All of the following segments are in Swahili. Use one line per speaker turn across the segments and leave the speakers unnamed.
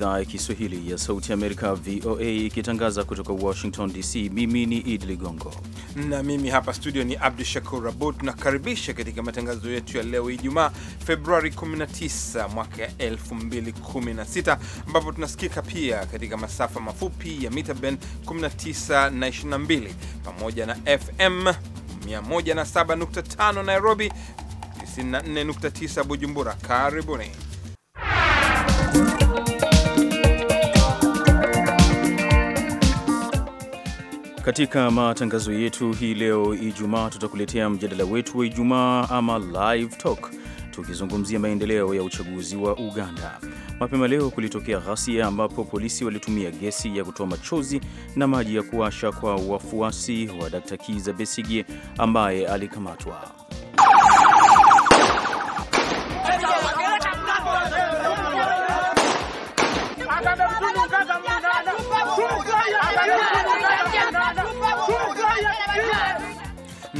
idhaa ya Kiswahili ya Sauti Amerika, VOA, ikitangaza kutoka Washington DC. Mimi ni Idi Ligongo
na mimi hapa studio ni Abdu Shakur Abud. Tunakaribisha katika matangazo yetu ya leo Ijumaa, Februari 19 mwaka 2016, ambapo tunasikika pia katika masafa mafupi ya mita ben 19 na 22 pamoja na FM 107.5 Nairobi, 94.9 Bujumbura. Karibuni.
Katika matangazo yetu hii leo Ijumaa, tutakuletea mjadala wetu wa Ijumaa ama live talk, tukizungumzia maendeleo ya uchaguzi wa Uganda. Mapema leo kulitokea ghasia ambapo polisi walitumia gesi ya kutoa machozi na maji ya kuasha kwa wafuasi wa Dkt. Kiza Besigye ambaye alikamatwa.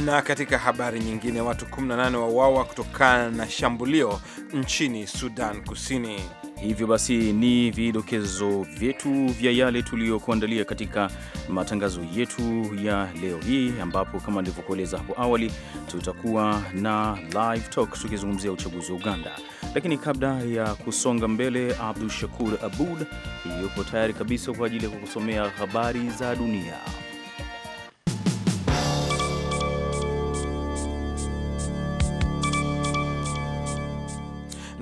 Na katika habari nyingine, watu 18 wauawa kutokana na shambulio nchini Sudan Kusini. Hivyo basi ni
vidokezo vyetu vya yale tuliyokuandalia katika matangazo yetu ya leo hii, ambapo kama nilivyokueleza hapo awali, tutakuwa na live talk tukizungumzia uchaguzi wa Uganda. Lakini kabla ya kusonga mbele, Abdul Shakur Abud yuko tayari kabisa kwa ajili ya kukusomea habari za dunia.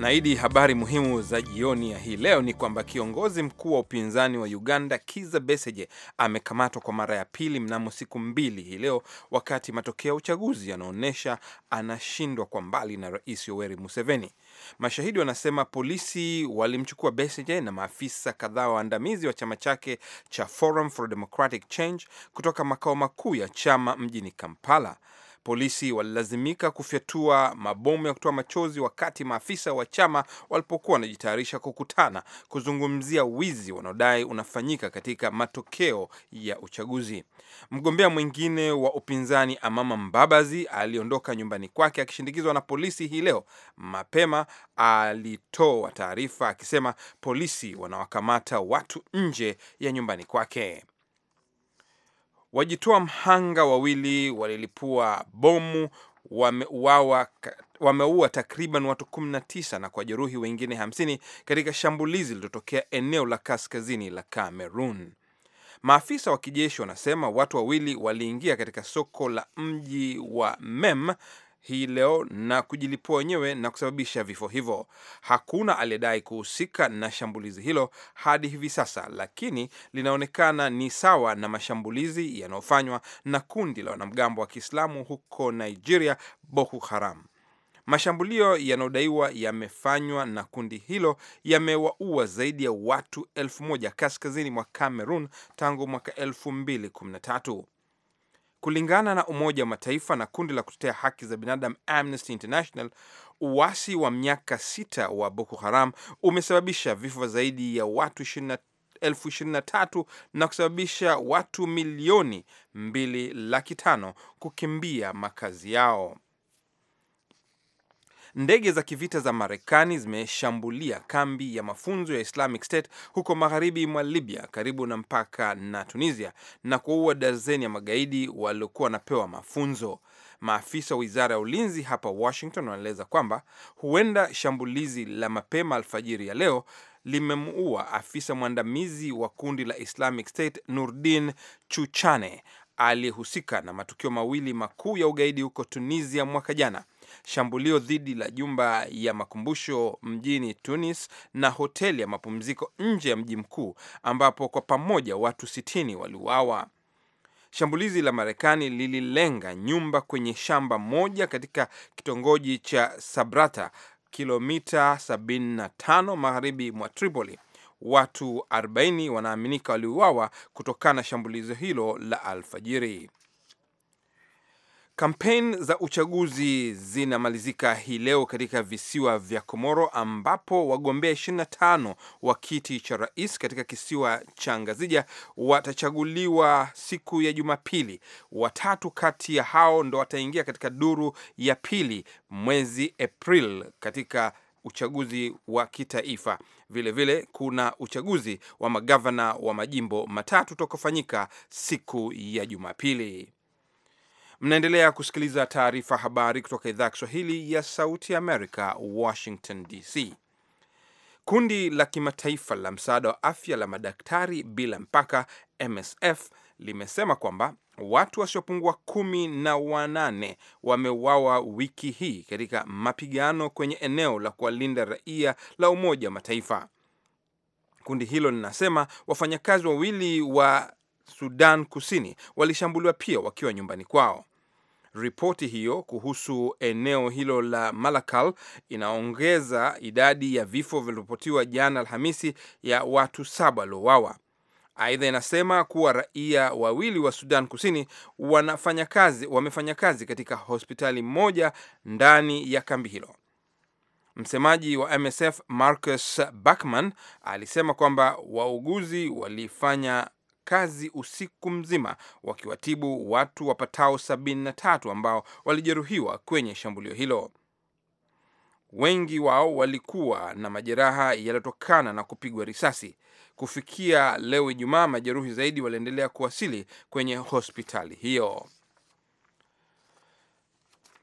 na habari muhimu za jioni ya hii leo ni kwamba kiongozi mkuu wa upinzani wa Uganda Kiza Besigye amekamatwa kwa mara ya pili mnamo siku mbili hii leo, wakati matokeo ya uchaguzi yanaonyesha anashindwa kwa mbali na Rais Yoweri Museveni. Mashahidi wanasema polisi walimchukua Besigye na maafisa kadhaa waandamizi wa chama chake cha Forum for Democratic Change kutoka makao makuu ya chama mjini Kampala. Polisi walilazimika kufyatua mabomu ya kutoa machozi wakati maafisa wa chama walipokuwa wanajitayarisha kukutana kuzungumzia wizi wanaodai unafanyika katika matokeo ya uchaguzi. Mgombea mwingine wa upinzani Amama Mbabazi aliondoka nyumbani kwake akishindikizwa na polisi hii leo mapema. Alitoa taarifa akisema polisi wanawakamata watu nje ya nyumbani kwake. Wajitoa mhanga wawili walilipua bomu wameua takriban watu 19 na kwa jeruhi wengine 50 katika shambulizi lililotokea eneo la kaskazini la Cameroon. Maafisa wa kijeshi wanasema watu wawili waliingia katika soko la mji wa Mem hii leo na kujilipua wenyewe na kusababisha vifo hivyo. Hakuna aliyedai kuhusika na shambulizi hilo hadi hivi sasa, lakini linaonekana ni sawa na mashambulizi yanayofanywa na kundi la wanamgambo wa Kiislamu huko Nigeria, Boko Haram. Mashambulio yanayodaiwa yamefanywa na kundi hilo yamewaua zaidi ya watu elfu moja kaskazini mwa Cameroon tangu mwaka elfu mbili kumi na tatu. Kulingana na Umoja wa Mataifa na kundi la kutetea haki za binadamu Amnesty International, uasi wa miaka sita wa Boko Haram umesababisha vifo zaidi ya watu elfu ishirini na tatu na kusababisha watu milioni mbili laki tano kukimbia makazi yao. Ndege za kivita za Marekani zimeshambulia kambi ya mafunzo ya Islamic State huko magharibi mwa Libya karibu na mpaka na Tunisia na kuwaua dazeni ya magaidi waliokuwa wanapewa mafunzo. Maafisa wa wizara ya ulinzi hapa Washington wanaeleza kwamba huenda shambulizi la mapema alfajiri ya leo limemuua afisa mwandamizi wa kundi la Islamic State Nurdin Chuchane aliyehusika na matukio mawili makuu ya ugaidi huko Tunisia mwaka jana, shambulio dhidi la jumba ya makumbusho mjini Tunis na hoteli ya mapumziko nje ya mji mkuu ambapo kwa pamoja watu sitini waliuawa. Shambulizi la Marekani lililenga nyumba kwenye shamba moja katika kitongoji cha Sabrata, kilomita 75 magharibi mwa Tripoli. Watu 40 wanaaminika waliuawa kutokana na shambulizo hilo la alfajiri. Kampeni za uchaguzi zinamalizika hii leo katika visiwa vya Komoro ambapo wagombea 25 wa kiti cha rais katika kisiwa cha Ngazija watachaguliwa siku ya Jumapili. Watatu kati ya hao ndo wataingia katika duru ya pili mwezi Aprili katika uchaguzi wa kitaifa. Vilevile vile, kuna uchaguzi wa magavana wa majimbo matatu utakaofanyika siku ya Jumapili. Mnaendelea kusikiliza taarifa habari kutoka idhaa ya Kiswahili ya Sauti Amerika, Washington DC. Kundi la kimataifa la msaada wa afya la madaktari bila mpaka MSF limesema kwamba watu wasiopungua kumi na wanane wameuawa wiki hii katika mapigano kwenye eneo la kuwalinda raia la Umoja wa Mataifa. Kundi hilo linasema wafanyakazi wawili wa Sudan Kusini walishambuliwa pia wakiwa nyumbani kwao. Ripoti hiyo kuhusu eneo hilo la Malakal inaongeza idadi ya vifo vilivyoripotiwa jana Alhamisi ya watu saba waliowawa. Aidha, inasema kuwa raia wawili wa Sudan Kusini wanafanya kazi, wamefanya kazi katika hospitali moja ndani ya kambi hilo. Msemaji wa MSF Marcus Backman alisema kwamba wauguzi walifanya kazi usiku mzima wakiwatibu watu wapatao 73 ambao walijeruhiwa kwenye shambulio hilo. Wengi wao walikuwa na majeraha yaliyotokana na kupigwa risasi. Kufikia leo Ijumaa, majeruhi zaidi waliendelea kuwasili kwenye hospitali hiyo.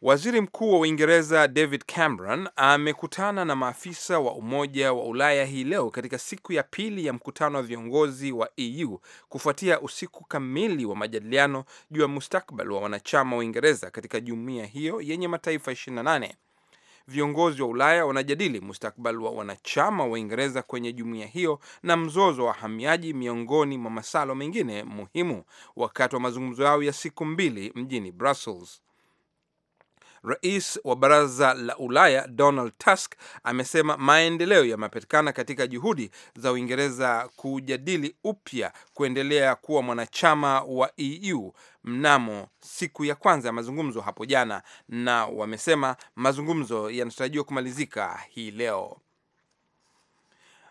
Waziri Mkuu wa Uingereza David Cameron amekutana na maafisa wa Umoja wa Ulaya hii leo katika siku ya pili ya mkutano wa viongozi wa EU kufuatia usiku kamili wa majadiliano juu ya mustakbal wa wanachama wa Uingereza katika jumuiya hiyo yenye mataifa 28. Viongozi wa Ulaya wanajadili mustakbal wa wanachama wa Uingereza kwenye jumuiya hiyo na mzozo wa wahamiaji, miongoni mwa masalo mengine muhimu, wakati wa mazungumzo yao ya siku mbili mjini Brussels. Rais wa Baraza la Ulaya Donald Tusk amesema maendeleo yamepatikana katika juhudi za Uingereza kujadili upya kuendelea kuwa mwanachama wa EU mnamo siku ya kwanza ya mazungumzo hapo jana, na wamesema mazungumzo yanatarajiwa kumalizika hii leo.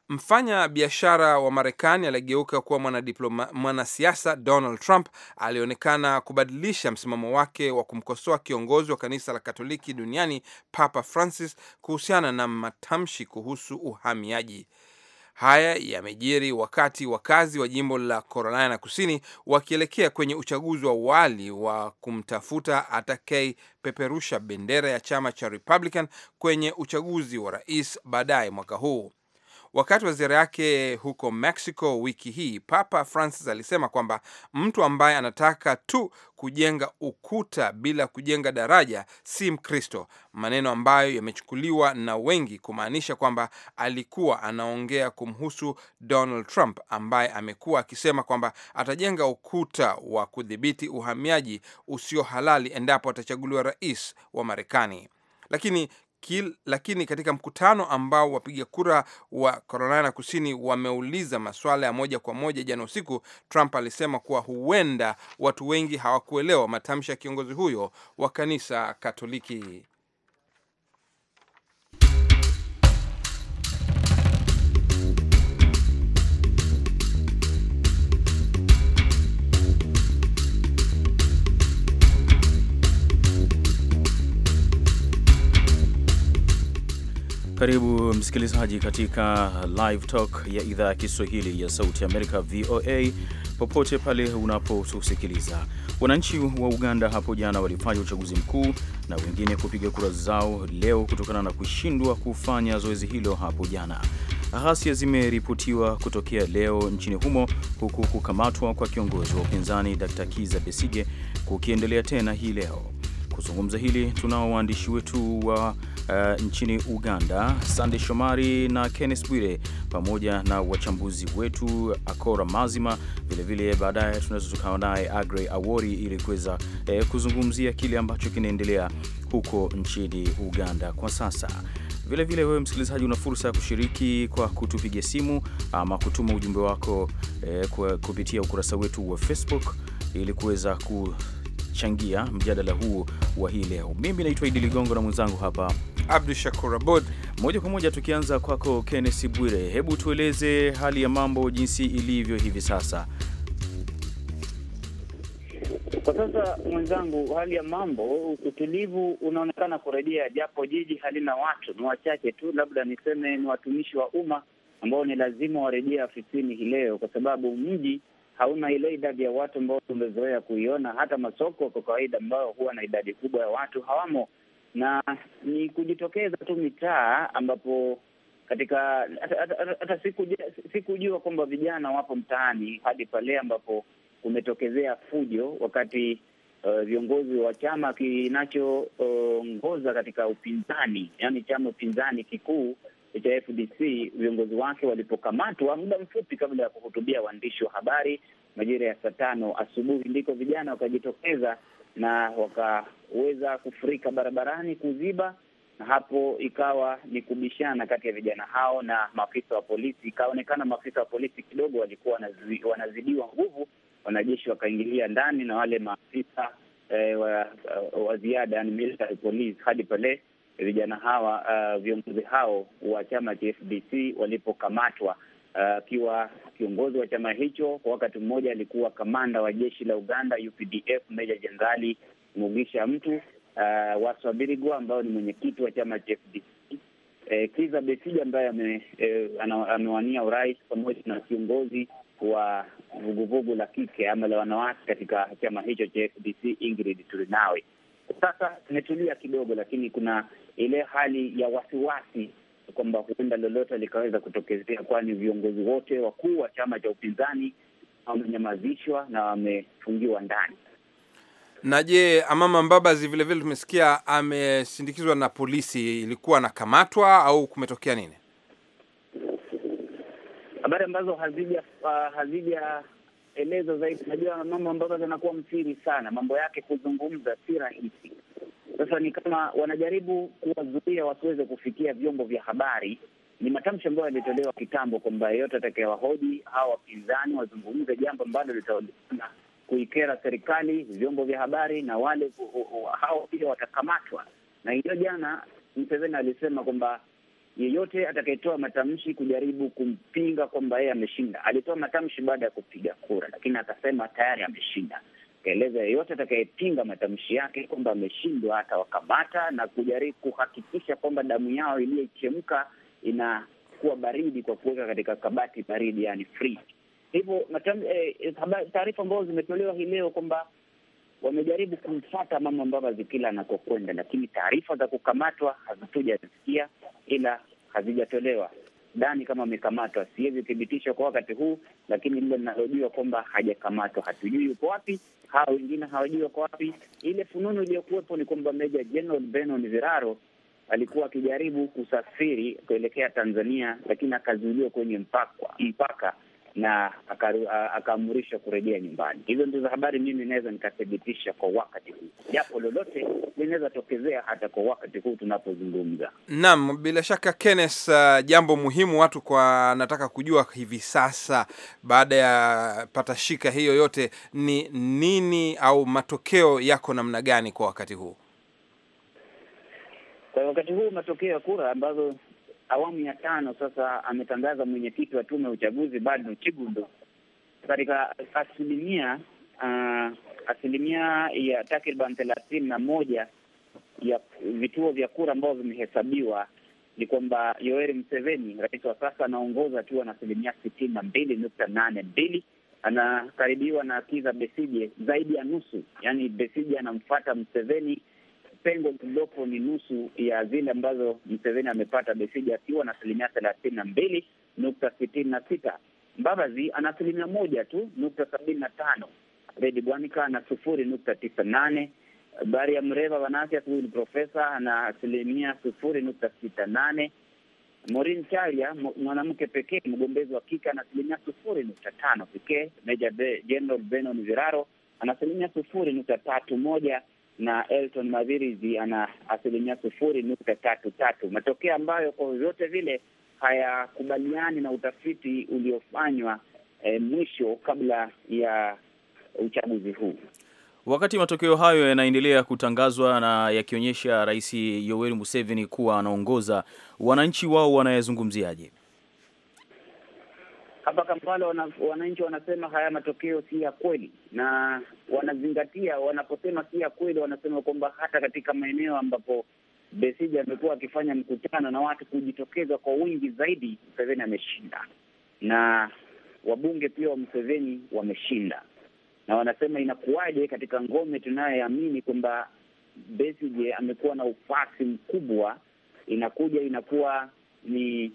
Mfanya biashara wa Marekani aliyegeuka kuwa mwanasiasa mwana Donald Trump alionekana kubadilisha msimamo wake wa kumkosoa kiongozi wa kanisa la Katoliki duniani Papa Francis kuhusiana na matamshi kuhusu uhamiaji. Haya yamejiri wakati wakazi wa jimbo la Carolina Kusini wakielekea kwenye uchaguzi wa awali wa kumtafuta atakayepeperusha bendera ya chama cha Republican kwenye uchaguzi wa rais baadaye mwaka huu. Wakati wa ziara yake huko Mexico wiki hii, Papa Francis alisema kwamba mtu ambaye anataka tu kujenga ukuta bila kujenga daraja si Mkristo, maneno ambayo yamechukuliwa na wengi kumaanisha kwamba alikuwa anaongea kumhusu Donald Trump ambaye amekuwa akisema kwamba atajenga ukuta wa kudhibiti uhamiaji usio halali endapo atachaguliwa rais wa Marekani. Lakini Kil, lakini katika mkutano ambao wapiga kura wa Carolina Kusini wameuliza maswala ya moja kwa moja jana usiku, Trump alisema kuwa huenda watu wengi hawakuelewa matamshi ya kiongozi huyo wa kanisa Katoliki.
Karibu msikilizaji katika Live Talk ya idhaa ya Kiswahili ya Sauti Amerika, VOA, popote pale unapotusikiliza. Wananchi wa Uganda hapo jana walifanya uchaguzi mkuu na wengine kupiga kura zao leo kutokana na kushindwa kufanya zoezi hilo hapo jana. Ghasia zimeripotiwa kutokea leo nchini humo huku kukamatwa kwa kiongozi wa upinzani d Kiza Besige kukiendelea tena hii leo. Kuzungumza hili tunao waandishi wetu wa uh, nchini Uganda, Sande Shomari na Kenneth Bwire, pamoja na wachambuzi wetu Akora Mazima. Vilevile baadaye tunaweza tukawa naye Agre Awori ili kuweza uh, kuzungumzia kile ambacho kinaendelea huko nchini Uganda kwa sasa. Vilevile wewe msikilizaji, una fursa ya kushiriki kwa kutupiga simu ama kutuma ujumbe wako eh, kupitia ukurasa wetu wa Facebook ili kuweza ku kuchangia mjadala huu wa hii leo. Mimi naitwa Idi Ligongo na mwenzangu hapa Abdu Shakur Abud. Moja kwa moja tukianza kwako Kenneth Bwire, hebu tueleze hali ya mambo jinsi ilivyo hivi sasa. Kwa
sasa mwenzangu, hali ya mambo, utulivu unaonekana kurejea, japo jiji halina watu, ni wachache tu. Labda niseme ni watumishi wa umma ambao ni lazima warejea ofisini hii leo, kwa sababu mji hauna ile idadi ya watu ambao tumezoea kuiona. Hata masoko kwa kawaida ambayo huwa na idadi kubwa ya watu hawamo, na ni kujitokeza tu mitaa ambapo katika hata sikujua kwamba vijana wapo mtaani hadi pale ambapo kumetokezea fujo, wakati uh, viongozi wa chama kinachoongoza eh, uh, katika upinzani, yani chama upinzani kikuu cha FDC viongozi wake walipokamatwa muda mfupi kabla ya kuhutubia waandishi wa habari majira ya saa tano asubuhi, ndiko vijana wakajitokeza na wakaweza kufurika barabarani kuziba, na hapo ikawa ni kubishana kati ya vijana hao na maafisa wa polisi. Ikaonekana maafisa wa polisi kidogo walikuwa wanazidiwa nguvu, wanajeshi wakaingilia ndani na wale maafisa eh, wa, wa ziada, yani military police hadi pale vijana hawa uh, viongozi hao wa chama cha FDC walipokamatwa uh, akiwa uh, kiongozi wa chama hicho kwa wakati mmoja alikuwa kamanda wa jeshi la Uganda UPDF, Meja Jenerali Mugisha Mtu uh, Waswabirigwa ambao ni mwenyekiti wa chama cha FDC eh, Kiza Besija ambaye eh, amewania urais pamoja na kiongozi wa vuguvugu la kike ama la wanawake katika chama hicho cha FDC Ingrid Turinawe. Sasa tumetulia kidogo, lakini kuna ile hali ya wasiwasi kwamba huenda lolote likaweza kutokezea, kwani viongozi wote wakuu wa chama cha upinzani wamenyamazishwa na wamefungiwa ndani.
Na je, Amama Mbabazi vilevile tumesikia amesindikizwa na polisi, ilikuwa anakamatwa au kumetokea nini?
Habari ambazo hazija uh, hazijaeleza zaidi. Najua Mama Mbabazi anakuwa msiri sana, mambo yake kuzungumza si rahisi sasa ni kama wanajaribu kuwazuia wasiweze kufikia vyombo vya habari. Ni matamshi ambayo yalitolewa kitambo kwamba yeyote atakayewahoji hawa wapinzani wazungumze jambo ambalo litaonekana kuikera serikali, vyombo vya habari na wale hao pia watakamatwa. Na hiyo jana Mseveni alisema kwamba yeyote atakayetoa matamshi kujaribu kumpinga kwamba yeye ameshinda. Alitoa matamshi baada ya kupiga kura, lakini akasema tayari ameshinda akaeleza yeyote atakayepinga matamshi yake kwamba ameshindwa atawakamata na kujaribu kuhakikisha kwamba damu yao iliyochemka inakuwa baridi kwa kuweka katika kabati baridi, yani fridge. Hivyo eh, eh taarifa ambazo zimetolewa hii leo kwamba wamejaribu kumfata mama Mbabazi kila anakokwenda, lakini taarifa za kukamatwa hazitujasikia ila hazijatolewa sidhani kama amekamatwa. Siwezi thibitisha kwa wakati huu, lakini lile linalojua kwamba hajakamatwa, hatujui yuko wapi, hawa wengine hawajui wako wapi. Ile fununu iliyokuwepo ni kwamba Meja General Benon Viraro alikuwa akijaribu kusafiri kuelekea Tanzania, lakini akazuiliwa kwenye mpaka, mpaka na akaamurishwa kurejea nyumbani. Hizo ndizo habari mimi naweza nikathibitisha kwa wakati huu, japo lolote linaweza tokezea hata kwa wakati huu tunapozungumza.
Naam, bila shaka Kenneth, uh, jambo muhimu watu kwa nataka kujua hivi sasa baada ya patashika hiyo yote ni nini, au matokeo yako namna gani kwa wakati huu?
Kwa wakati huu matokeo ya kura ambazo awamu ya tano sasa ametangaza mwenyekiti wa tume ya uchaguzi bado Chigundo katika asilimia uh, asilimia ya takriban thelathini na moja ya vituo vya kura ambavyo vimehesabiwa ni kwamba Yoweri Museveni, rais wa sasa, anaongoza akiwa na asilimia sitini na mbili nukta nane mbili. Anakaribiwa na Kiza Besije zaidi ya nusu, yaani Besije anamfuata Museveni pengo lililopo ni nusu ya zile ambazo Mseveni amepata Besija akiwa na asilimia thelathini na mbili nukta sitini na sita Mbabazi ana asilimia moja tu nukta sabini na tano Redi Bwanika ana sufuri nukta tisa nane Baria Mreva wanawake huyu ni profesa ana asilimia sufuri nukta sita nane Morin Chalia mwanamke pekee mgombezi wa kike ana asilimia sufuri nukta tano pekee. Meja General Benon Viraro ana asilimia sufuri nukta tatu moja na Elton Mavirizi ana asilimia sufuri nukta tatu tatu, matokeo ambayo kwa vyovyote vile hayakubaliani na utafiti uliofanywa e, mwisho kabla ya uchaguzi huu.
Wakati matokeo hayo yanaendelea kutangazwa na yakionyesha Rais Yoweri Museveni kuwa anaongoza, wananchi wao wanayazungumziaje?
hapa Kampala wana, wananchi wanasema haya matokeo si ya kweli, na wanazingatia wanaposema si ya kweli, wanasema kwamba hata katika maeneo ambapo Besigye amekuwa akifanya mkutano na watu kujitokeza kwa wingi zaidi, Museveni ameshinda, na wabunge pia wa Museveni wameshinda, na wanasema inakuwaje katika ngome tunayoamini kwamba Besigye amekuwa na ufasi mkubwa, inakuja inakuwa ni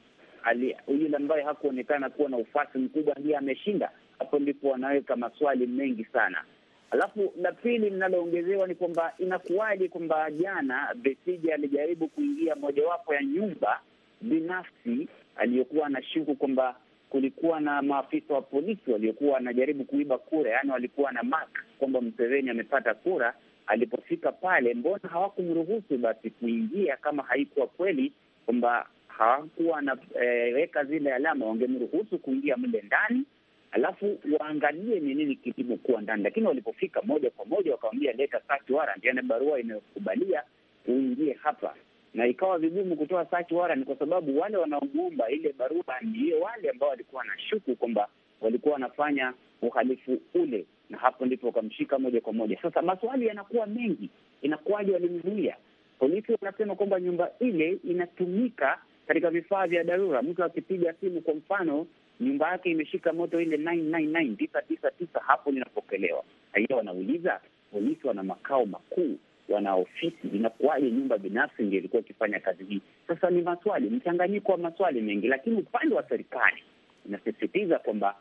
yule ambaye hakuonekana kuwa na ufasi mkubwa ndiye ameshinda. Hapo ndipo wanaweka maswali mengi sana. Alafu la pili linaloongezewa ni kwamba inakuwaje kwamba jana Besija alijaribu kuingia mojawapo ya nyumba binafsi aliyokuwa na shuku kwamba kulikuwa na maafisa wa polisi waliokuwa wanajaribu kuiba kura, yaani walikuwa na mark kwamba Mseveni amepata kura. Alipofika pale, mbona hawakumruhusu basi kuingia kama haikuwa kweli kwamba hawakuwa wanaweka eh, e, zile alama, wangemruhusu kuingia mle ndani, alafu waangalie ni nini kilivyokuwa ndani. Lakini walipofika moja kwa moja wakamwambia, leta search warrant, yaani barua inayokubalia uingie hapa, na ikawa vigumu kutoa search warrant kwa sababu wale wanaomwomba ile barua ndiyo wale ambao walikuwa na shuku kwamba walikuwa wanafanya uhalifu ule, na hapo ndipo wakamshika moja kwa moja. Sasa maswali yanakuwa mengi, inakuwaje walimzuia? Polisi wanasema kwamba nyumba ile inatumika katika vifaa vya dharura. Mtu akipiga simu kwa mfano, nyumba yake imeshika moto, ile 999 tisa tisa tisa, hapo linapokelewa. Raia wanauliza, polisi wana makao makuu, wana ofisi, inakuwaje nyumba binafsi ndio ilikuwa ikifanya kazi hii? Sasa ni maswali, mchanganyiko wa maswali mengi, lakini upande wa serikali inasisitiza kwamba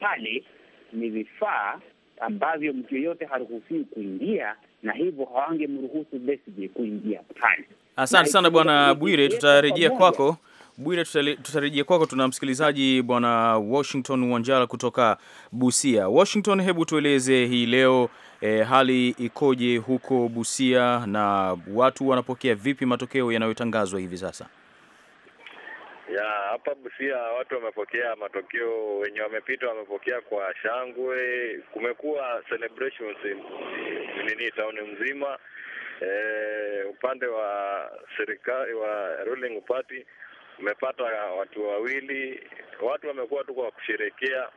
pale ni vifaa ambavyo mtu yeyote haruhusiwi kuingia na hivyo hawangemruhusu Besigye kuingia pale.
Asante sana Bwana Bwire, tutarejea kwako Bwire, tutarejea kwako. Tuna msikilizaji Bwana Washington Wanjala kutoka Busia. Washington, hebu tueleze hii leo e, hali ikoje huko Busia na watu wanapokea vipi matokeo yanayotangazwa hivi sasa?
Ya, hapa Busia watu wamepokea matokeo, wenye wamepita wamepokea kwa shangwe. Kumekuwa celebrations nini
tauni mzima. E, upande wa serikali wa ruling party umepata watu wawili, watu wamekuwa tu kwa kusherekea.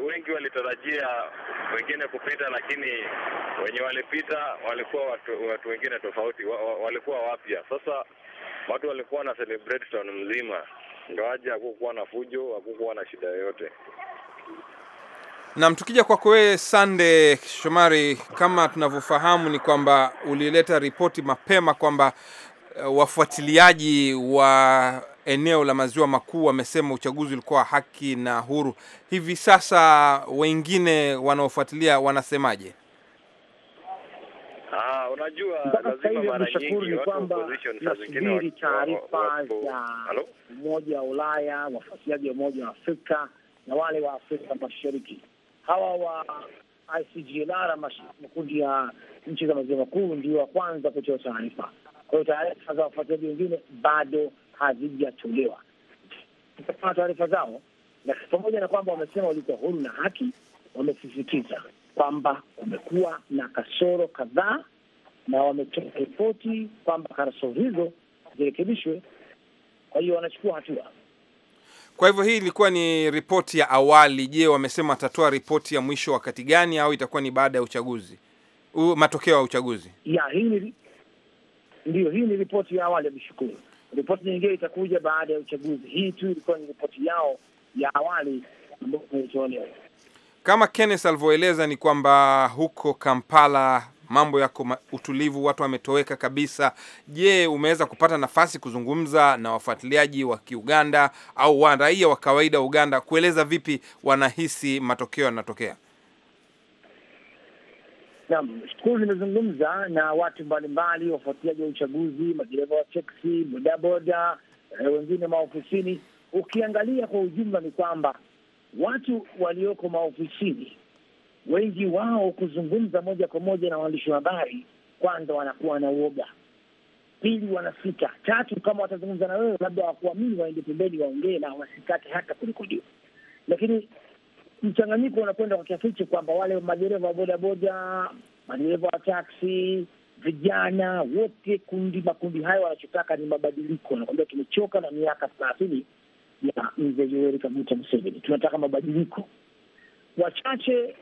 Wengi walitarajia wengine kupita, lakini wenye walipita walikuwa watu, watu wengine tofauti, wa, wa, walikuwa wapya. Sasa watu walikuwa na celebrate town mzima, ndio haja hakukuwa na fujo, hakukuwa na shida yoyote.
Nam, tukija kwako wewe Sande Shomari, kama tunavyofahamu ni kwamba ulileta ripoti mapema kwamba eh, wafuatiliaji wa eneo la maziwa makuu wamesema uchaguzi ulikuwa haki na huru. Hivi sasa wengine wanaofuatilia wanasemaje?
Ah, unajua lazima mara nyingi nasubiri taarifa za
Umoja wa Ulaya, wafuatiliaji wa Umoja wa Afrika na wale wa Afrika Mashariki hawa wa ICGLR makundi ya nchi za maziwa makuu ndio wa kwanza kutoa taarifa. Kwa hiyo taarifa za wafuatiliaji wengine bado hazijatolewa taarifa zao, na pamoja na kwamba wamesema walikuwa huru na haki, wamesisitiza kwamba kumekuwa na kasoro kadhaa, na wametoa ripoti kwamba kasoro hizo zirekebishwe. Kwa hiyo wanachukua hatua.
Kwa hivyo hii ilikuwa ni ripoti ya awali. Je, wamesema watatoa ripoti ya mwisho wakati gani, au itakuwa ni baada ya uchaguzi, U, matokeo ya uchaguzi?
Ya, hii ni ndiyo, hii ni ripoti ya awali. Mshukuru, ripoti nyingine itakuja baada ya uchaguzi. Hii tu ilikuwa ni ripoti yao ya awali
ambayo tumetolewa.
Kama Kenneth alivyoeleza ni kwamba huko Kampala mambo yako utulivu, watu wametoweka kabisa. Je, umeweza kupata nafasi kuzungumza na wafuatiliaji wa Kiuganda au wa raia wa kawaida wa Uganda, kueleza vipi wanahisi matokeo yanatokea?
Naam,
shukuru. Nimezungumza na watu mbalimbali, wafuatiliaji wa uchaguzi, madereva wa teksi, bodaboda, eh, wengine maofisini. Ukiangalia kwa ujumla, ni kwamba watu walioko maofisini wengi wao kuzungumza moja kwa moja na waandishi wa habari, kwanza wanakuwa na uoga, pili wanafika, tatu kama watazungumza na wewe labda wakuamini, waende pembeni waongee na wasikate hata kuliko juu. Lakini mchanganyiko unakwenda kwa kiasi hicho kwamba wale madereva wa bodaboda, madereva wa taksi, vijana wote, kundi makundi hayo wanachotaka ni mabadiliko. Nakwambia tumechoka na miaka thelathini ya mzee Yoweri Kaguta Museveni, tunataka mabadiliko. Wachache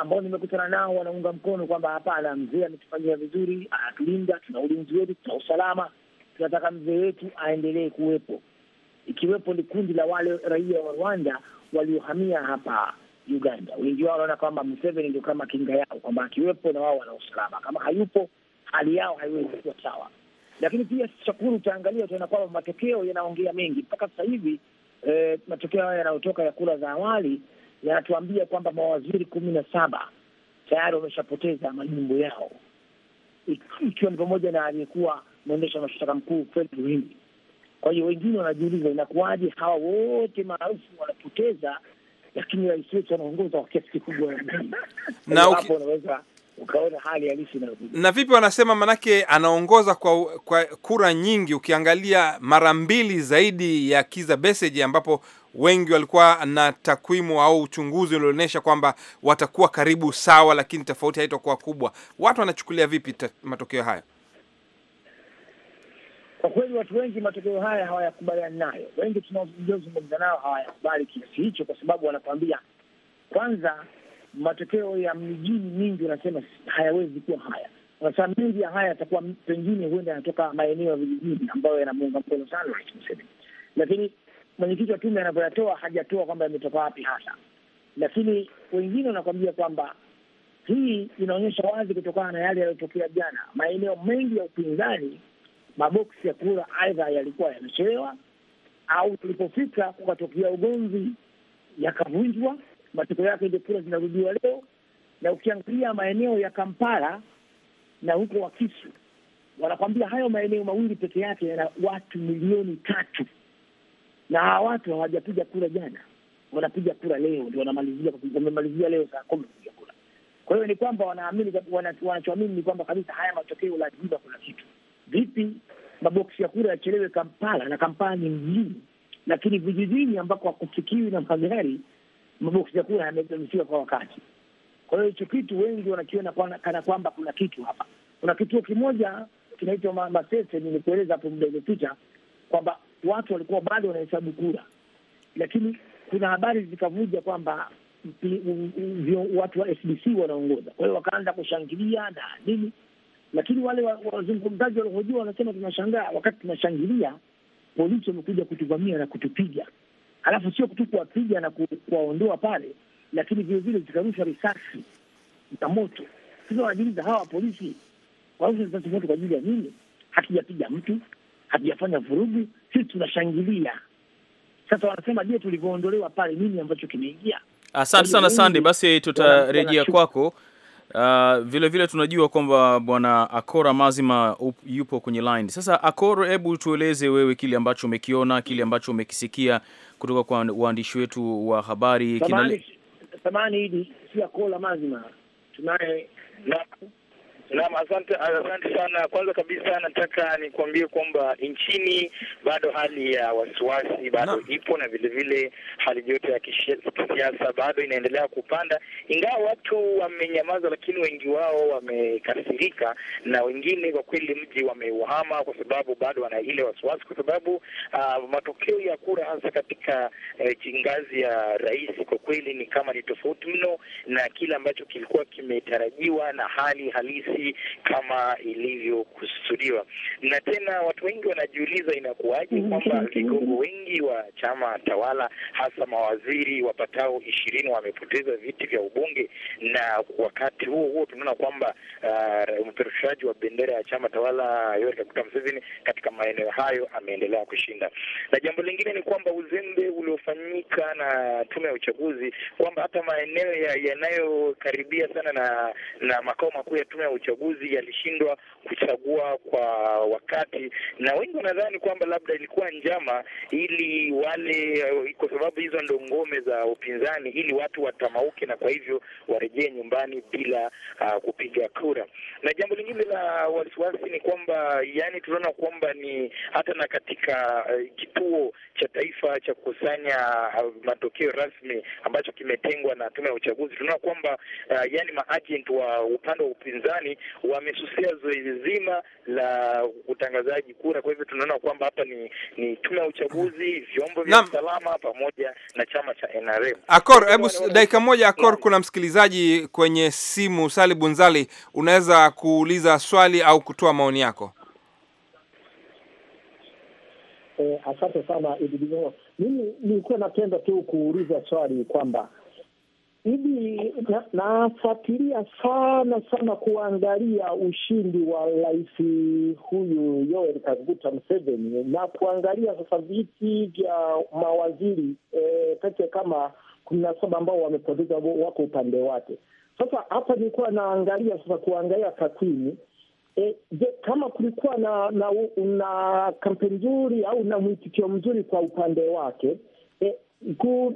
ambao nimekutana nao wanaunga mkono kwamba hapana, mzee ametufanyia vizuri, anatulinda, tuna ulinzi wetu, tuna usalama, tunataka mzee wetu aendelee kuwepo, ikiwepo ni kundi la wale raia wa Rwanda waliohamia hapa Uganda. Wengi wao wanaona kwamba Museveni ndio kama kinga yao, kwamba akiwepo na wao wana usalama, kama hayupo hali yao haiwezi kuwa sawa. Lakini pia Shakuru, utaangalia utaona kwamba matokeo yanaongea mengi mpaka sasa hivi. Eh, matokeo haya yanayotoka ya kura za awali yanatuambia kwamba mawaziri kumi na saba tayari wameshapoteza majimbo yao, ikiwa ni pamoja na aliyekuwa mwendesha mashtaka mkuu Fred Kwa hiyo wengine wanajiuliza inakuwaje hawa wote maarufu wanapoteza, lakini rais wetu anaongoza kwa kiasi kikubwa. Na unaweza ukaona hali halisi inayokuja.
Na vipi wanasema, manake anaongoza kwa, kwa kura nyingi, ukiangalia mara mbili zaidi ya Kiza Besigye, ambapo wengi walikuwa na takwimu au uchunguzi ulionyesha kwamba watakuwa karibu sawa, lakini tofauti haitakuwa kubwa. Watu wanachukulia vipi matokeo haya?
Kwa kweli watu wengi matokeo haya hawayakubaliani nayo. Wengi tunaozungumza nao hawayakubali kiasi hicho, kwa sababu wanakwambia kwanza matokeo ya mijini mingi unasema hayawezi kuwa haya. Sasa mengi ya haya yatakuwa pengine huenda yanatoka maeneo ya vijijini ambayo yanamuunga mkono sana Rais Museveni, lakini mwenyekiti wa tume anavyoyatoa hajatoa kwamba yametoka wapi hasa, lakini wengine wanakuambia kwamba hii inaonyesha wazi kutokana na yale yaliyotokea jana, maeneo mengi ya upinzani, maboksi ya kura aidha yalikuwa yamechelewa au tulipofika kukatokea ugomvi yakavunjwa matokeo yake ndio kura zinarudiwa leo, na ukiangalia maeneo ya Kampala na huko Wakisu wanakwambia hayo maeneo mawili peke yake yana watu milioni tatu, na hawa watu hawajapiga kura jana, wanapiga kura leo, ndio wanamalizia, wamemalizia leo saa kumi kupiga kura. Kwa hiyo ni kwamba wanaamini, wanachoamini ni kwamba kabisa haya matokeo lazima kuna kitu. Vipi maboksi ya kura yachelewe Kampala, na Kampala ni mjini, lakini vijijini ambako hakufikiwi na magari maboksi ya kura yamezamisiwa kwa wakati. Kwa hiyo hicho kitu wengi wanakiona kana kwamba kuna kitu hapa. Kuna kituo kimoja kinaitwa Masese, nilikueleza hapo muda uliopita kwamba watu walikuwa bado wanahesabu kura, lakini kuna habari zikavuja kwamba watu wa SBC wanaongoza, kwa hiyo wakaanza kushangilia na nini, lakini wale wazungumzaji wa, walihojua wanasema tunashangaa, wakati tunashangilia polisi wamekuja kutuvamia na kutupiga alafu sio tu kuwapiga na kuwaondoa pale, lakini vilevile zikarusha risasi za moto. Sasa wanajiuliza hawa polisi warusha risasi moto kwa ajili ya nini? Hatujapiga mtu, hatujafanya vurugu, sisi tunashangilia. Sasa wanasema je, tulivyoondolewa pale, nini ambacho
kimeingia? Asante sana Sandi, basi tutarejea kwako. Uh, vile vile tunajua kwamba bwana Akora Mazima yupo kwenye line sasa. Akora, hebu tueleze wewe kile ambacho umekiona, kile ambacho umekisikia kutoka kwa waandishi wetu wa habari.
samani, Idi, si Akora Mazima, tunaye
Naam, asante, asante sana. Kwanza kabisa nataka nikuambie kwamba nchini bado hali ya wasiwasi bado no. ipo na vile vile hali jote ya kisiasa bado inaendelea kupanda, ingawa watu wamenyamaza, lakini wengi wao wamekasirika na wengine kwa kweli mji wameuhama, kwa sababu bado wana ile wasiwasi, kwa sababu uh, matokeo ya kura hasa katika uh, eh, ngazi ya rais kwa kweli ni kama ni tofauti mno na kile ambacho kilikuwa kimetarajiwa na hali halisi ufanisi kama ilivyokusudiwa. Na tena watu wengi wanajiuliza inakuwaje mm-hmm. kwamba vigogo wengi wa chama tawala, hasa mawaziri wapatao ishirini wamepoteza viti vya ubunge, na wakati huo huo tunaona kwamba uh, mpeperushaji wa bendera ya chama tawala Yoweri Kaguta Museveni katika maeneo hayo ameendelea kushinda. Na jambo lingine ni kwamba uzembe uliofanyika na tume ya uchaguzi kwamba hata maeneo yanayokaribia sana na na makao makuu ya tume ya uchaguzi uchaguzi yalishindwa kuchagua kwa wakati, na wengi wanadhani kwamba labda ilikuwa njama ili wale, uh, kwa sababu hizo ndo ngome za upinzani, ili watu watamauke na kwa hivyo warejee nyumbani bila uh, kupiga kura. Na jambo lingine la wasiwasi ni kwamba yani, tunaona kwamba ni hata na katika uh, kituo cha taifa cha kukusanya uh, matokeo rasmi ambacho kimetengwa na tume ya uchaguzi, tunaona kwamba uh, yani maajenti wa upande wa upinzani wamesusia zoezi zima la utangazaji kura. Kwa hivyo tunaona kwamba hapa ni ni tume ya uchaguzi, vyombo vya usalama pamoja na chama cha NRM.
Akor, hebu dakika moja Akor, kuna msikilizaji kwenye simu, Sali Bunzali, unaweza kuuliza swali au kutoa maoni yako.
Eh, asante sana Mimi nilikuwa napenda tu kuuliza swali kwamba Hivi nafuatilia sana sana kuangalia ushindi wa rais huyu Yoweri Kaguta Museveni na kuangalia sasa viti vya mawaziri e, eh, pete kama kumi na saba ambao wamepoteza wako upande wake. Sasa hapa nilikuwa naangalia sasa kuangalia takwimu e, je, kama kulikuwa na na, na kampeni nzuri au na mwitikio mzuri kwa upande wake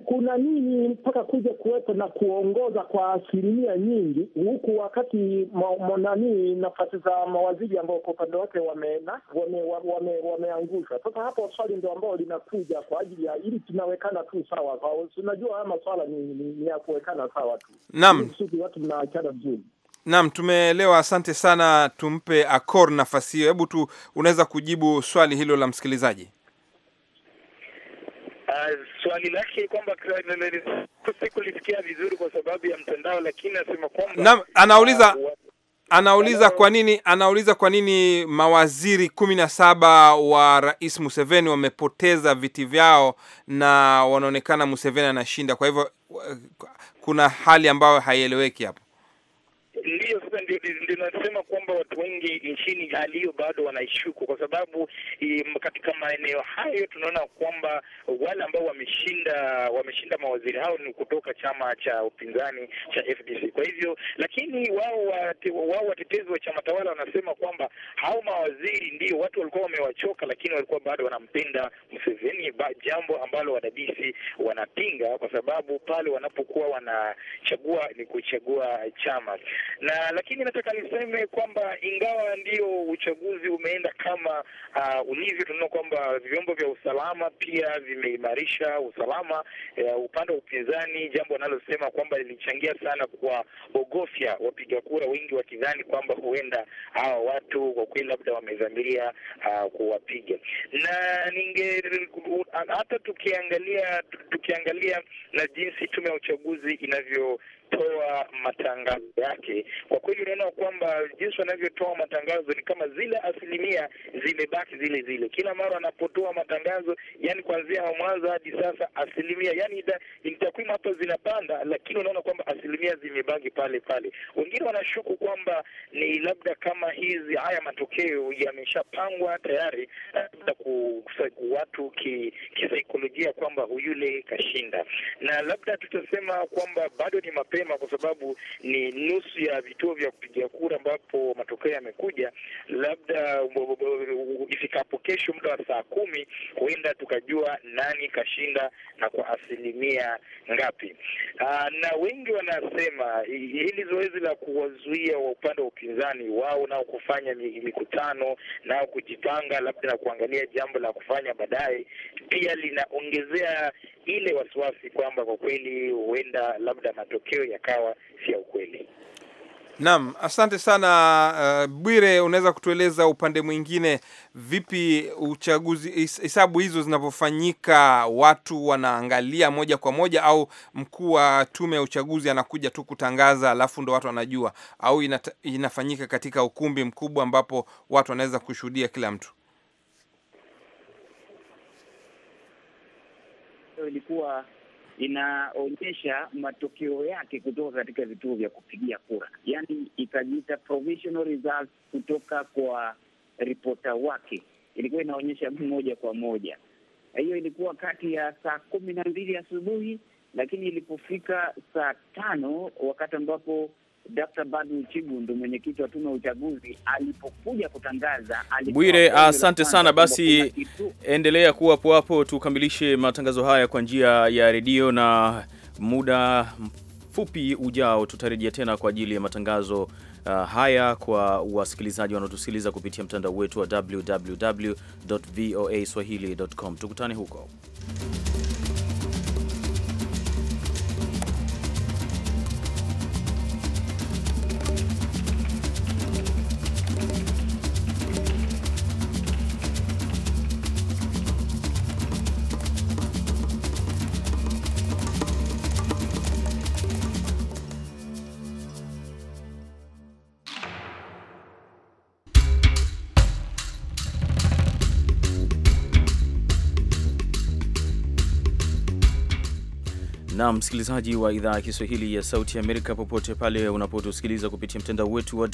kuna nini mpaka kuja kuwepo na kuongoza kwa asilimia nyingi, huku wakati monanii nafasi za mawaziri ambao kwa upande wake wameangushwa. Wame, wame, wame sasa
hapo swali ndo ambao linakuja kwa ajili ya ili tunawekana tu sawa. Unajua haya maswala ni, ni, ni ya kuwekana sawa tu, naam, watu mnaachana vizuri.
Naam, tumeelewa. Asante sana, tumpe Akor nafasi hiyo. Hebu tu unaweza kujibu swali hilo la msikilizaji.
Ah, swali lake kwamba sikulifikia vizuri kwa sababu ya mtandao, lakini anasema kwamba naam,
anauliza ah, anauliza kwa nini anauliza kwa nini mawaziri kumi na saba wa Rais Museveni wamepoteza viti vyao na wanaonekana Museveni anashinda. Kwa hivyo kuna hali ambayo haieleweki hapo
ndiyo sasa ndio nasema kwamba watu wengi nchini hali bado wanaishuku, kwa sababu im, katika maeneo hayo tunaona kwamba wale ambao wameshinda wameshinda mawaziri hao ni kutoka chama cha upinzani cha FDC. Kwa hivyo, lakini wao wao watetezi wa chama tawala wanasema kwamba hao mawaziri ndio watu walikuwa wamewachoka, lakini walikuwa bado wanampenda mseveni jambo ambalo wadadisi wanapinga, kwa sababu pale wanapokuwa wanachagua ni kuchagua chama na lakini nataka niseme kwamba ingawa ndio uchaguzi umeenda kama uh, ulivyo, tunaona kwamba vyombo vya usalama pia vimeimarisha usalama uh, upande wa upinzani, jambo analosema kwamba lilichangia sana kwa ogofya wapiga kura wengi wakidhani kwamba huenda hawa watu kwa kweli labda wamedhamiria uh, kuwapiga na ninge hata tukiangalia tukiangalia na jinsi tume ya uchaguzi inavyo kutoa matangazo yake. Kwa kweli, unaona kwamba jinsi wanavyotoa matangazo ni kama zile asilimia zimebaki zile zile, kila mara anapotoa matangazo, yani kuanzia mwanzo hadi sasa asilimia, yani takwimu hapa zinapanda, lakini unaona kwamba asilimia zimebaki pale pale. Wengine wanashuku kwamba ni labda kama hizi haya matokeo yameshapangwa tayari, labda watu kisaikolojia ki kwamba huyule kashinda, na labda tutasema kwamba bado ni mapema mapema, kwa sababu ni nusu ya vituo vya kupigia kura ambapo matokeo yamekuja. Labda ifikapo kesho muda wa saa kumi huenda tukajua nani kashinda na kwa asilimia ngapi. Aa, ah, na wengi wanasema hili zoezi la kuwazuia wa upande wa upinzani wao nao kufanya mikutano nao kujipanga, labda na kuangalia jambo la kufanya baadaye, pia linaongezea ile wasiwasi kwamba kwa kweli huenda labda matokeo yakawa si ya ukweli.
Naam, asante sana uh, Bwire, unaweza kutueleza upande mwingine vipi uchaguzi hesabu hizo zinavyofanyika watu wanaangalia moja kwa moja au mkuu wa tume ya uchaguzi anakuja tu kutangaza, alafu ndo watu wanajua, au inata, inafanyika katika ukumbi mkubwa ambapo watu wanaweza kushuhudia kila mtu?
ambayo ilikuwa inaonyesha matokeo yake kutoka katika vituo vya kupigia kura, yaani ikajiita provisional results kutoka kwa ripota wake, ilikuwa inaonyesha moja kwa moja. Hiyo ilikuwa kati ya saa kumi na mbili asubuhi, lakini ilipofika saa tano wakati ambapo Badu mwenyekiti wa tume ya uchaguzi alipokuja kutangaza. Bwire, asante sana. Basi
endelea kuwapo hapo, tukamilishe matangazo haya kwa njia ya redio, na muda mfupi ujao tutarejea tena kwa ajili ya matangazo uh, haya kwa wasikilizaji wanaotusikiliza kupitia mtandao wetu wa www.voaswahili.com. Tukutane huko. na msikilizaji wa idhaa ya Kiswahili ya Sauti Amerika, popote pale unapotusikiliza kupitia mtandao wetu wa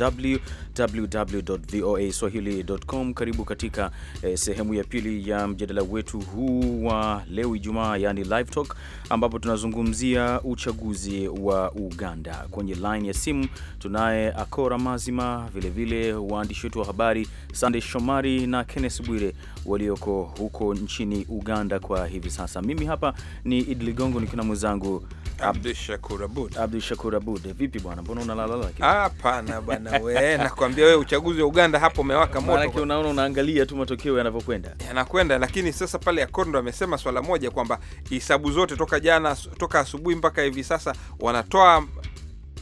swahilicom karibu katika eh, sehemu ya pili ya mjadala wetu huu wa leo Ijumaa, yani live talk, ambapo tunazungumzia uchaguzi wa Uganda. Kwenye line ya simu tunaye Akora Mazima, vilevile waandishi wetu wa habari Sandey Shomari na Kenneth Bwire walioko huko nchini Uganda kwa hivi sasa. Mimi hapa ni Idi Ligongo nikiwa mwenzangu mwenzangu Abdushakur Abud. Abdushakur Abud, vipi bwana, mbona unalalala
Hapana bwana we nakwambia we, uchaguzi wa Uganda hapo umewaka moto. unaona, unaangalia tu matokeo yanavyokwenda, yanakwenda. Lakini sasa pale Yakondo amesema swala moja kwamba hisabu zote toka jana, toka asubuhi mpaka hivi sasa wanatoa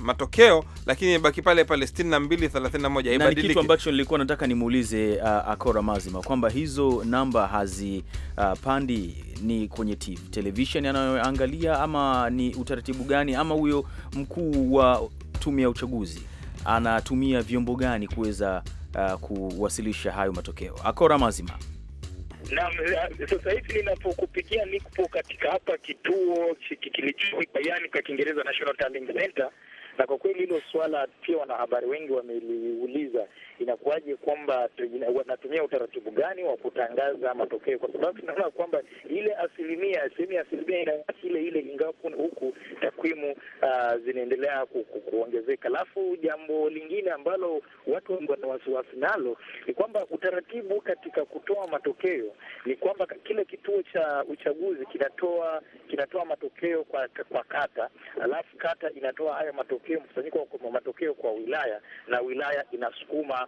matokeo, lakini imebaki pale pale 62 31, haibadiliki. Kitu
ambacho nilikuwa nataka nimuulize uh, Akora Mazima kwamba hizo namba hazipandi uh, ni kwenye televishen anayoangalia ama ni utaratibu gani, ama huyo mkuu wa tume ya uchaguzi anatumia vyombo gani kuweza uh, kuwasilisha hayo matokeo? Akora Mazima.
Naam, sasa hivi ninapokupigia nipo katika hapa kituo kilicho bayani kwa Kiingereza National Tallying Center na kwa kweli hilo swala pia wanahabari wengi wameliuliza inakuwaje kwamba wanatumia utaratibu gani wa kutangaza matokeo, kwa sababu tunaona kwamba ile asilimia sehemu ya asilimia inabaki ile ile, ingawa huku takwimu uh, zinaendelea kuongezeka. Alafu jambo lingine ambalo watu wengi wana wasiwasi nalo ni kwamba utaratibu katika kutoa matokeo ni kwamba kile kituo cha uchaguzi kinatoa kinatoa matokeo kwa, kwa kata, alafu kata inatoa haya matokeo, mkusanyiko wa matokeo kwa wilaya, na wilaya inasukuma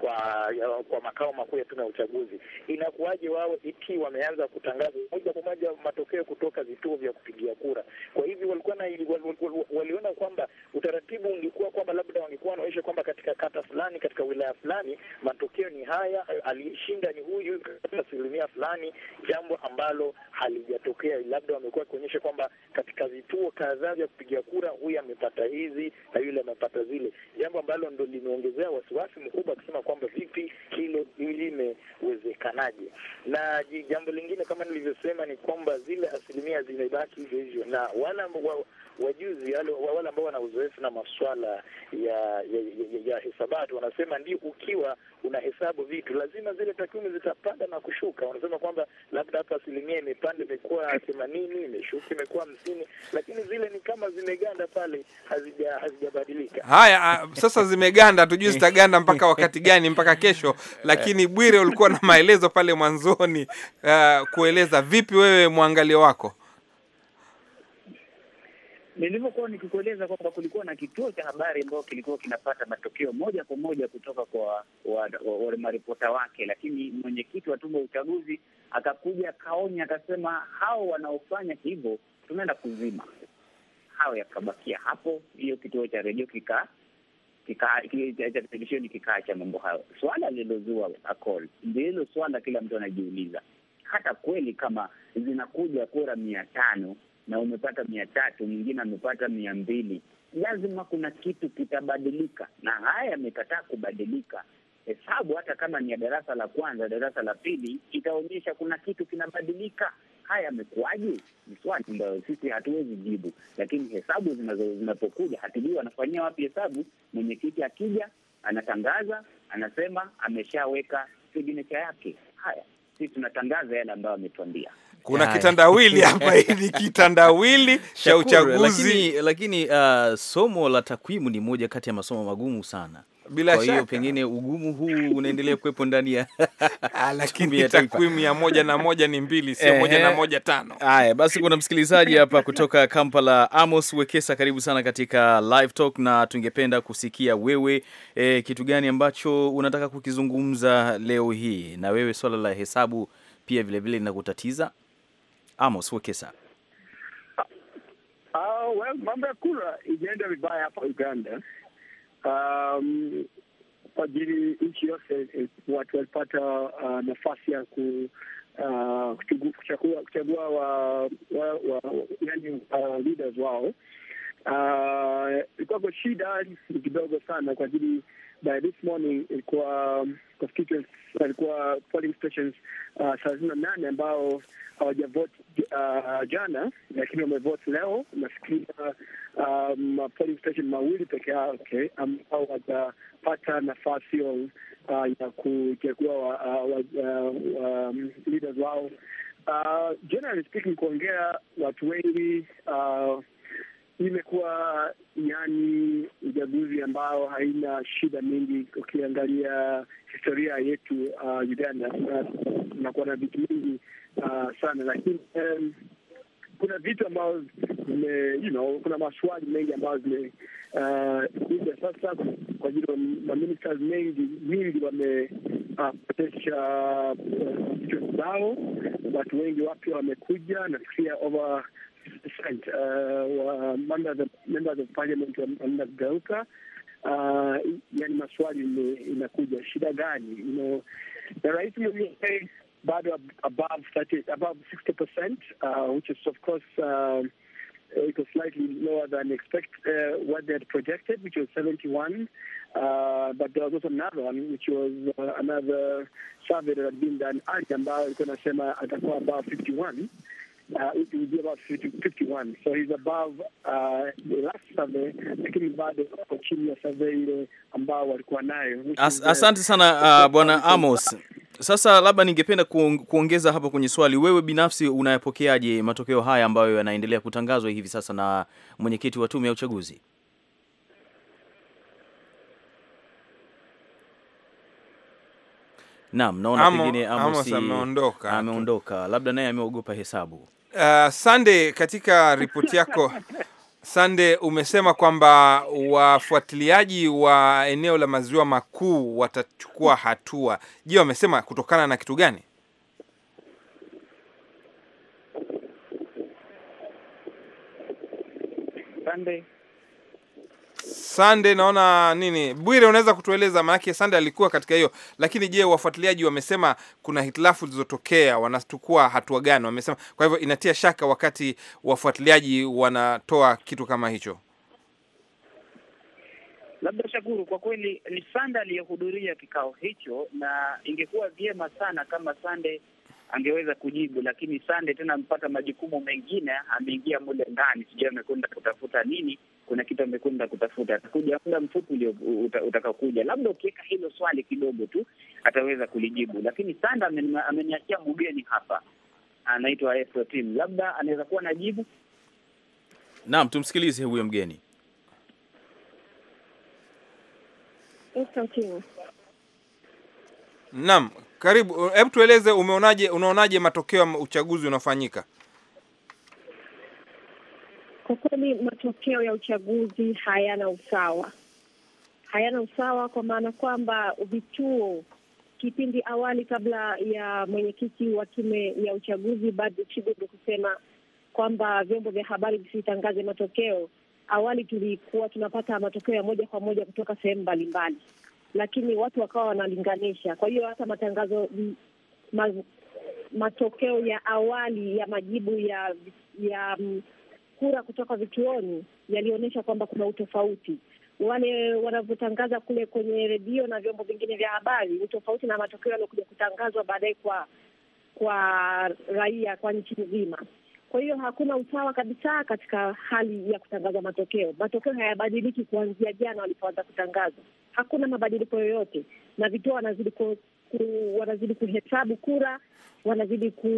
kwa kwa makao makuu ya tume ya uchaguzi. Inakuwaje wao eti wameanza kutangaza moja kwa moja matokeo kutoka vituo vya kupigia kura? Kwa hivyo walikuwa na waliona kwamba utaratibu ungekuwa kwamba labda wangekuwa wanaonyesha kwamba katika kata fulani, katika wilaya fulani, matokeo ni haya, alishinda ni huyu asilimia fulani, jambo ambalo halijatokea. Labda wamekuwa wakionyesha kwamba katika vituo kadhaa vya kupigia kura, huyu amepata hizi na yule amepata zile, jambo ambalo ndo limeongezea wasiwasi mkubwa akisema kwamba vipi hilo limewezekanaje. Na jambo lingine kama nilivyosema ni kwamba zile asilimia zimebaki hivyo hivyo, na wale wajuzi wale ambao wana uzoefu na maswala ya, ya, ya, ya hisabati wanasema ndio, ukiwa unahesabu vitu lazima zile takwimu zitapanda na kushuka. Wanasema kwamba labda hapa asilimia imepanda imekuwa themanini, imeshuka imekuwa hamsini,
lakini zile ni kama zimeganda pale, hazijabadilika. Haya, ah, sasa zimeganda, tujui zitaganda mpaka wakati gani? Mpaka kesho. Lakini Bwire, ulikuwa na maelezo pale mwanzoni, uh, kueleza vipi wewe mwangalio wako
nilivyokuwa nikikueleza kwamba kulikuwa na kituo cha habari ambayo kilikuwa kinapata matokeo moja kwa moja kutoka kwa maripota wake, lakini mwenyekiti wa tume ya uchaguzi akakuja akaonya, akasema hao wanaofanya hivyo tunaenda kuzima. Hao yakabakia hapo, hiyo kituo cha redio kikaa cha televisheni kikaacha mambo hayo. Swala lililozua akol ndilo swala kila mtu anajiuliza, hata kweli kama zinakuja kura mia tano na umepata mia tatu, mwingine amepata mia mbili, lazima kuna kitu kitabadilika, na haya yamekataa kubadilika. Hesabu hata kama ni ya darasa la kwanza, darasa la pili, itaonyesha kuna kitu kinabadilika. Haya yamekuwaje? Ni swali ambayo sisi hatuwezi jibu, lakini hesabu zinapokuja, hatujui wanafanyia wapi hesabu. Mwenyekiti akija anatangaza, anasema ameshaweka signature yake. Haya, sisi tunatangaza yale ambayo ametuambia
kuna kitandawili hapa hili kitandawili cha uchaguzi.
Lakini, lakini uh, somo la takwimu ni moja kati ya masomo magumu sana. Bila kwa hiyo pengine ugumu huu unaendelea kuwepo ndani ya lakini takwimu ya moja na moja
ni mbili, sio moja na moja tano.
Haya basi, kuna msikilizaji hapa kutoka Kampala, Amos Wekesa, karibu sana katika Live Talk, na tungependa kusikia wewe e, kitu gani ambacho unataka kukizungumza leo hii, na wewe swala la hesabu pia vilevile linakutatiza Amos Wekesa. Uh,
ah, ah, well, mambo ya kura ijaenda vibaya hapa Uganda. Um, kwa ajili nchi yote eh, watu walipata uh, nafasi ya ku uh, kuchagua, kuchagua wa, wa, wa, yani, uh, leaders wao. Ilikuwako uh, shida kidogo sana kwa ajili by this morning ilikuwa um, constituents walikuwa polling stations uh, thelathini na nane ambao hawajavote uh, jana, lakini wamevote leo. Nafikiria uh, um, polling station mawili peke yake ambao watapata nafasi hiyo uh, ya kuchagua uh, um, leaders wao. Generally speaking, kuongea watu wengi uh, imekuwa yani uchaguzi ambao haina shida mingi. Ukiangalia historia yetu uh, Uganda tunakuwa na vitu mingi uh, sana, lakini um, kuna vitu ambayo you know, kuna maswali mengi ambayo zimekuja uh, sasa kwa ajili maminista mengi mingi wamepotesha uh, vichwa uh, zao. Watu wengi wapya wamekuja, nafikiria over percent uh, wa members of parliament Delta. Uh, yani maswali inakuja shida gani? you know, na rais mwenyewe bado above 30, above 60 percent uh, which is of course uh, it was slightly lower than expect uh, what they had projected, which was 71. Uh, but there was also another one, which was uh, another survey that had been done earlier, ambayo alikuwa it was about 51. uh, it will be about 51. So he's above uh, the last survey, lakini bado ako chini ya survey ile ambao walikuwa nayo. As, uh, asante sana uh, bwana Amos.
Sasa labda ningependa kuongeza hapo kwenye swali, wewe binafsi unayapokeaje matokeo haya ambayo yanaendelea kutangazwa hivi sasa na mwenyekiti wa tume ya uchaguzi? Naam, naona pengine Amos ameondoka, ameondoka labda naye ameogopa hesabu.
Uh, Sande, katika ripoti yako Sande, umesema kwamba wafuatiliaji wa eneo la maziwa makuu watachukua hatua. Je, wamesema kutokana na kitu gani? Sande. Sande, naona nini, Bwire, unaweza kutueleza? Maanake Sande alikuwa katika hiyo, lakini je, wafuatiliaji wamesema kuna hitilafu zilizotokea, wanachukua hatua gani? Wamesema kwa hivyo inatia shaka wakati wafuatiliaji wanatoa kitu kama hicho.
Labda Shakuru, kwa kweli ni Sande aliyehudhuria kikao hicho, na ingekuwa vyema sana kama Sande angeweza kujibu, lakini Sande tena amepata majukumu mengine, ameingia mule ndani, sijui amekwenda kutafuta nini kuna kitu amekwenda kutafuta, atakuja muda mfupi utakaokuja, labda ukiweka hilo swali kidogo tu ataweza kulijibu. Lakini Sanda ameniachia mgeni hapa, anaitwa Tim, labda anaweza kuwa na jibu.
Naam, tumsikilize huyo
mgeni. Naam, karibu. Hebu tueleze, umeonaje, unaonaje matokeo ya uchaguzi unaofanyika?
Kwa kweli matokeo ya uchaguzi hayana usawa, hayana usawa kwa maana kwamba vituo kipindi awali kabla ya mwenyekiti wa tume ya uchaguzi bado Chibudu kusema kwamba vyombo vya habari visitangaze matokeo. Awali tulikuwa tunapata matokeo ya moja kwa moja kutoka sehemu mbalimbali, lakini watu wakawa wanalinganisha. Kwa hiyo hata matangazo ma, matokeo ya awali ya majibu ya ya kura kutoka vituoni yalionyesha kwamba kuna utofauti wale wanavyotangaza kule kwenye redio na vyombo vingine vya habari, utofauti na matokeo yaliokuja kutangazwa baadaye kwa kwa raia, kwa nchi nzima. Kwa hiyo hakuna usawa kabisa katika hali ya kutangaza matokeo. Matokeo hayabadiliki kuanzia jana walipoanza kutangaza, hakuna mabadiliko yoyote, na vituo wanazidi ku, ku, wanazidi kuhesabu kura, wanazidi ku,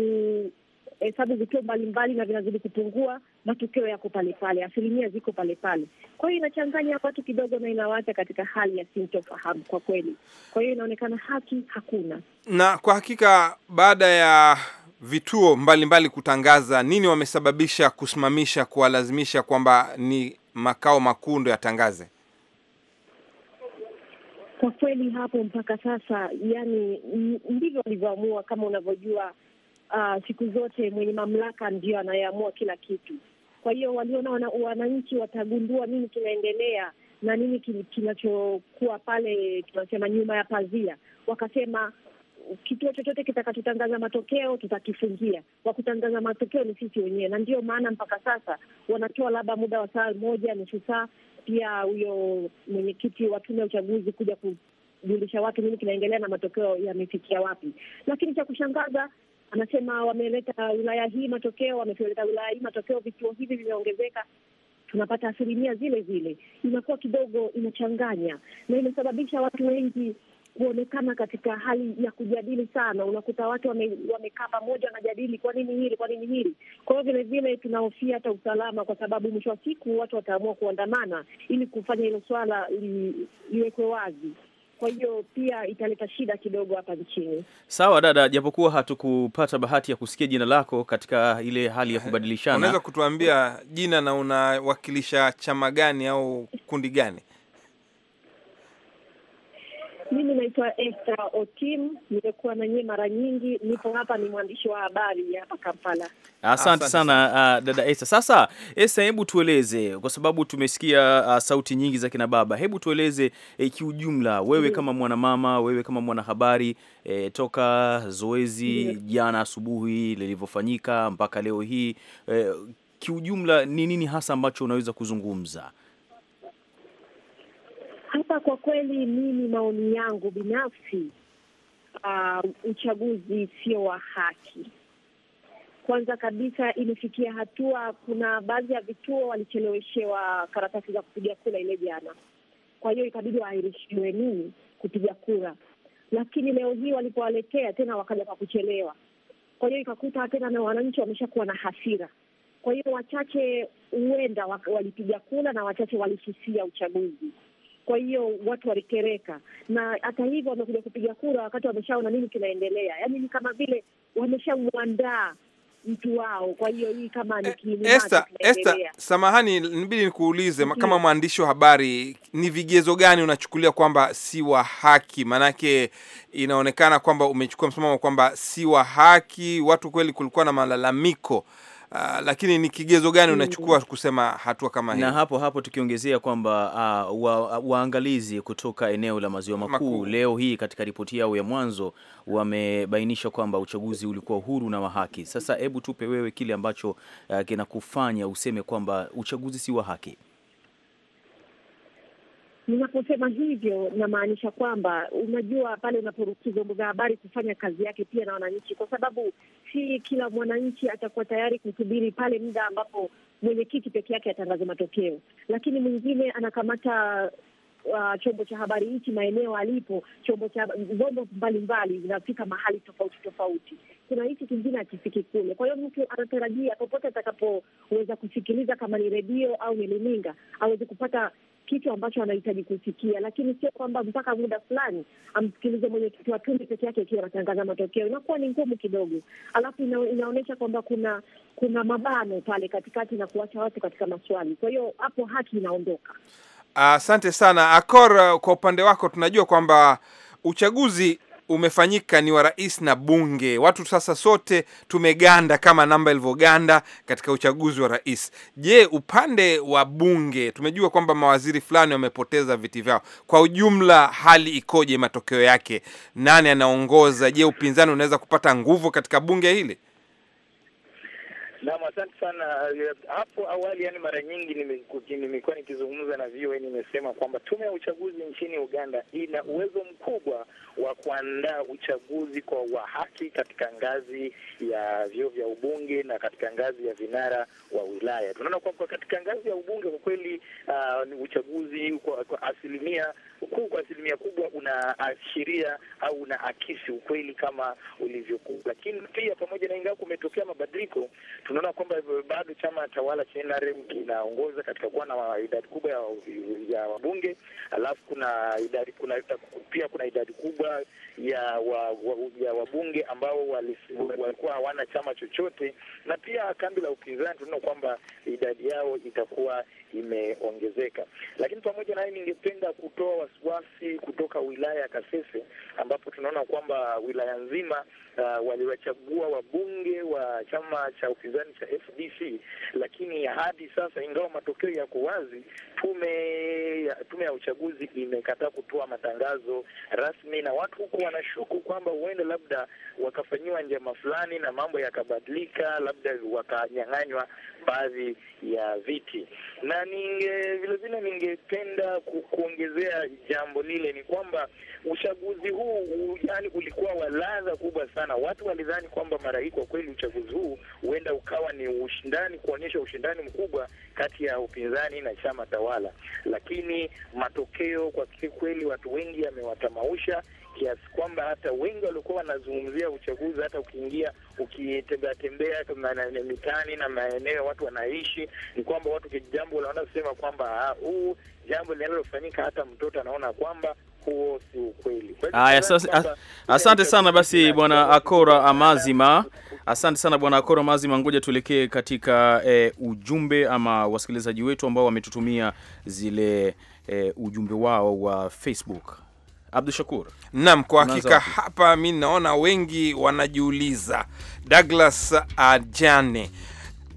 hesabu eh, vituo mbalimbali na vinazidi kupungua, matokeo yako pale pale, asilimia ziko pale pale. Kwa hiyo inachanganya watu kidogo na inawacha katika hali ya sintofahamu kwa kweli. Kwa hiyo inaonekana haki hakuna,
na kwa hakika baada ya vituo mbalimbali mbali kutangaza nini wamesababisha kusimamisha, kuwalazimisha kwamba ni makao makuu ndo yatangaze.
Kwa kweli hapo mpaka sasa, yani ndivyo walivyoamua. Kama unavyojua uh, siku zote mwenye mamlaka ndio anayeamua kila kitu. Kwa hiyo waliona wananchi watagundua nini kinaendelea na nini kinachokuwa pale, tunasema nyuma ya pazia. Wakasema kituo chochote kitakachotangaza matokeo tutakifungia. Kwa kutangaza matokeo ni sisi wenyewe, na ndiyo maana mpaka sasa wanatoa labda muda wa saa moja nusu saa, pia huyo mwenyekiti wa tume ya uchaguzi kuja kujulisha watu nini kinaendelea na matokeo yamefikia wapi. Lakini cha kushangaza Anasema wameleta wilaya hii matokeo, wameleta wilaya hii matokeo, vituo hivi vimeongezeka tunapata asilimia zile zile, inakuwa kidogo inachanganya, na imesababisha watu wengi kuonekana katika hali ya kujadili sana. Unakuta watu wamekaa wame pamoja, wanajadili kwa nini hili, kwa nini hili. Kwa hiyo vilevile tunahofia hata usalama, kwa sababu mwisho wa siku watu wataamua kuandamana ili kufanya hilo swala liwekwe wazi kwa hiyo pia italeta shida kidogo hapa nchini.
Sawa dada, japokuwa hatukupata bahati ya kusikia jina lako katika ile hali ya eh, kubadilishana, unaweza
kutuambia jina na unawakilisha chama gani au kundi gani?
Mimi naitwa Esther Otim, nimekuwa na nyie mara nyingi, nipo hapa, ni mwandishi wa habari hapa Kampala. Asante sana
uh, dada Esther. Sasa Esther, hebu tueleze, kwa sababu tumesikia uh, sauti nyingi za kina baba, hebu tueleze eh, kiujumla wewe mm. kama mwanamama, wewe kama mwanahabari eh, toka zoezi mm. jana asubuhi lilivyofanyika mpaka leo hii eh, kiujumla ni nini hasa ambacho unaweza kuzungumza
hapa kwa kweli, mimi maoni yangu binafsi, uh, uchaguzi sio wa haki. Kwanza kabisa, imefikia hatua, kuna baadhi ya vituo walicheleweshewa karatasi za kupiga kura ile jana, kwa hiyo ikabidi waahirishiwe nini kupiga kura, lakini leo hii walipowaletea tena wakaja kwa kuchelewa. Kwa hiyo ikakuta tena na wananchi wameshakuwa na hasira. Kwa hiyo wachache huenda walipiga kura na wachache walisusia uchaguzi. Kwa hiyo watu walikereka, na hata hivyo wamekuja kupiga kura wakati wameshaona nini kinaendelea. Yaani ni kama vile wameshamwandaa mtu wao. Kwa hiyo hii kama ni eh, Esther, Esther,
samahani, nibidi nikuulize mm-hmm. Kama mwandishi wa habari, ni vigezo gani unachukulia kwamba si wa haki? Maanake inaonekana kwamba umechukua msimamo kwamba si wa haki, watu kweli, kulikuwa na malalamiko uh, lakini ni kigezo gani unachukua mm. kusema hatua kama hii? Na hapo
hapo tukiongezea kwamba uh, wa, waangalizi kutoka eneo la maziwa makuu leo hii katika ripoti yao ya mwanzo wamebainisha kwamba uchaguzi ulikuwa huru na wa haki. Sasa hebu tupe wewe kile ambacho uh, kinakufanya useme kwamba uchaguzi si wa haki.
Ninaposema hivyo namaanisha kwamba unajua, pale unaporuhusu vyombo vya habari kufanya kazi yake pia na wananchi, kwa sababu si kila mwananchi atakuwa tayari kusubiri pale muda ambapo mwenyekiti peke yake atangaza matokeo, lakini mwingine anakamata Uh, chombo cha habari hichi maeneo alipo chombo cha vyombo mbalimbali vinafika mahali tofauti tofauti. Kuna hichi kingine akifiki kule, kwa hiyo mtu anatarajia popote atakapoweza kusikiliza, kama ni redio au ni luninga, aweze kupata kitu ambacho anahitaji kusikia, lakini sio kwamba mpaka muda fulani amsikilize mwenyekiti wa tume peke yake ikiwa anatangaza matokeo. Inakuwa ni ngumu kidogo, alafu ina, inaonyesha kwamba kuna kuna mabano pale katikati na kuwacha watu katika maswali. Kwa hiyo hapo haki inaondoka.
Asante uh, sana Akor. Kwa upande wako tunajua kwamba uchaguzi umefanyika ni wa rais na bunge. Watu sasa sote tumeganda kama namba ilivyoganda katika uchaguzi wa rais. Je, upande wa bunge tumejua kwamba mawaziri fulani wamepoteza viti vyao. Kwa ujumla, hali ikoje? Matokeo yake nani anaongoza? Je, upinzani unaweza kupata nguvu katika bunge hili? Naam, asante sana.
Hapo awali, yani, mara nyingi nimekuwa nikizungumza na VOA, nimesema kwamba tume ya uchaguzi nchini Uganda ina uwezo mkubwa wa kuandaa uchaguzi kwa wa haki katika ngazi ya vyeo vya ubunge na katika ngazi ya vinara wa wilaya. Tunaona kwamba katika ngazi ya ubunge kwa kweli, uh, uchaguzi kwa, kwa asilimia huu kwa asilimia kubwa unaashiria au unaakisi ukweli kama ulivyokuwa, lakini pia pamoja na ingawa kumetokea mabadiliko, tunaona kwamba bado chama tawala cha NRM kinaongoza katika kuwa na idadi kubwa ya wabunge, alafu kuna idadi kuna pia kuna idadi kubwa ya wa, wa, ya wabunge ambao walikuwa hawana chama chochote, na pia kambi la upinzani tunaona kwamba idadi yao itakuwa imeongezeka, lakini pamoja na hayo ningependa kutoa wasiwasi kutoka wilaya ya Kasese, ambapo tunaona kwamba wilaya nzima uh, waliwachagua wabunge wa chama cha upinzani cha FDC, lakini hadi sasa, ingawa matokeo yako wazi, tume tume ya uchaguzi imekataa kutoa matangazo rasmi, na watu huko wanashuku kwamba huenda labda wakafanyiwa njama fulani na mambo yakabadilika, labda wakanyang'anywa baadhi ya viti na ninge vile ningependa kuongezea jambo lile ni kwamba uchaguzi huu yani ulikuwa wa ladha kubwa sana. Watu walidhani kwamba mara hii kwa kweli uchaguzi huu huenda ukawa ni ushindani, kuonyesha ushindani mkubwa kati ya upinzani na chama tawala, lakini matokeo kwa kweli watu wengi yamewatamausha kiasi kwamba hata wengi walikuwa wanazungumzia uchaguzi. Hata ukiingia ukitembea tembea mitaani na maeneo watu wanaishi, ni kwamba watu kijambo wanaona kwamba ah, huu jambo linalofanyika, hata mtoto anaona kwamba huo si ukweli. Haya,
asante sana basi Bwana Akora Amazima. Asante sana bwana Akora Mazima, ngoja tuelekee katika e, ujumbe ama wasikilizaji wetu ambao wametutumia zile e, ujumbe wao wa Facebook. Abdu Shakur.
Naam, kwa hakika hapa mi naona wengi wanajiuliza Douglas Ajane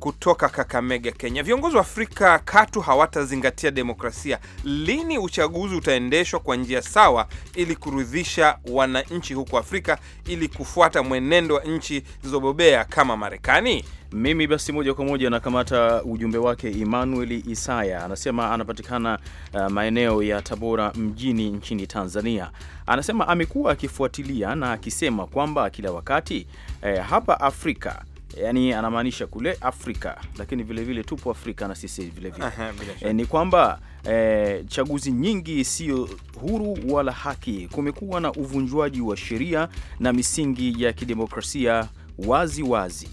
kutoka Kakamega, Kenya. Viongozi wa Afrika katu hawatazingatia demokrasia. Lini uchaguzi utaendeshwa kwa njia sawa ili kurudhisha wananchi huko Afrika ili kufuata mwenendo wa nchi zilizobobea kama
Marekani? Mimi basi moja kwa moja nakamata ujumbe wake. Emmanuel Isaya anasema anapatikana uh, maeneo ya Tabora mjini nchini Tanzania. Anasema amekuwa akifuatilia na akisema kwamba kila wakati eh, hapa Afrika yani anamaanisha kule Afrika, lakini vilevile vile tupo Afrika na sisi vilevile e, eh, ni kwamba e, chaguzi nyingi sio huru wala haki. Kumekuwa na
uvunjwaji wa sheria na misingi ya kidemokrasia wazi wazi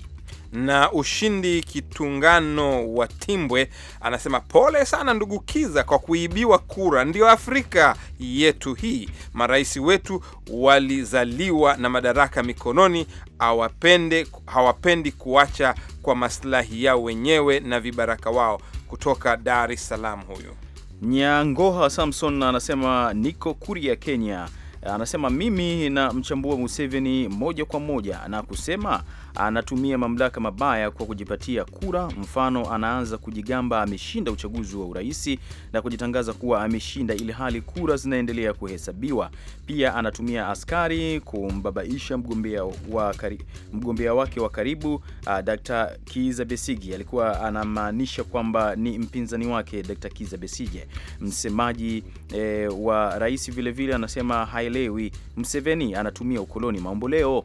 na ushindi kitungano wa Timbwe anasema pole sana ndugu Kiza kwa kuibiwa kura. ndio Afrika yetu hii, marais wetu walizaliwa na madaraka mikononi, awapende hawapendi kuacha kwa maslahi yao wenyewe na vibaraka wao. Kutoka Dar es Salaam huyu
Nyangoha Samson anasema niko Kuria, Kenya. Anasema mimi na mchambua Museveni moja kwa moja na kusema anatumia mamlaka mabaya kwa kujipatia kura. Mfano, anaanza kujigamba ameshinda uchaguzi wa uraisi na kujitangaza kuwa ameshinda, ili hali kura zinaendelea kuhesabiwa. Pia anatumia askari kumbabaisha mgombea wa kari, mgombea wake wa karibu uh, Dr. Kiza Besigi alikuwa anamaanisha kwamba ni mpinzani wake Dr. Kiza Besige. Msemaji eh, wa rais vilevile anasema haelewi
Mseveni anatumia ukoloni maomboleo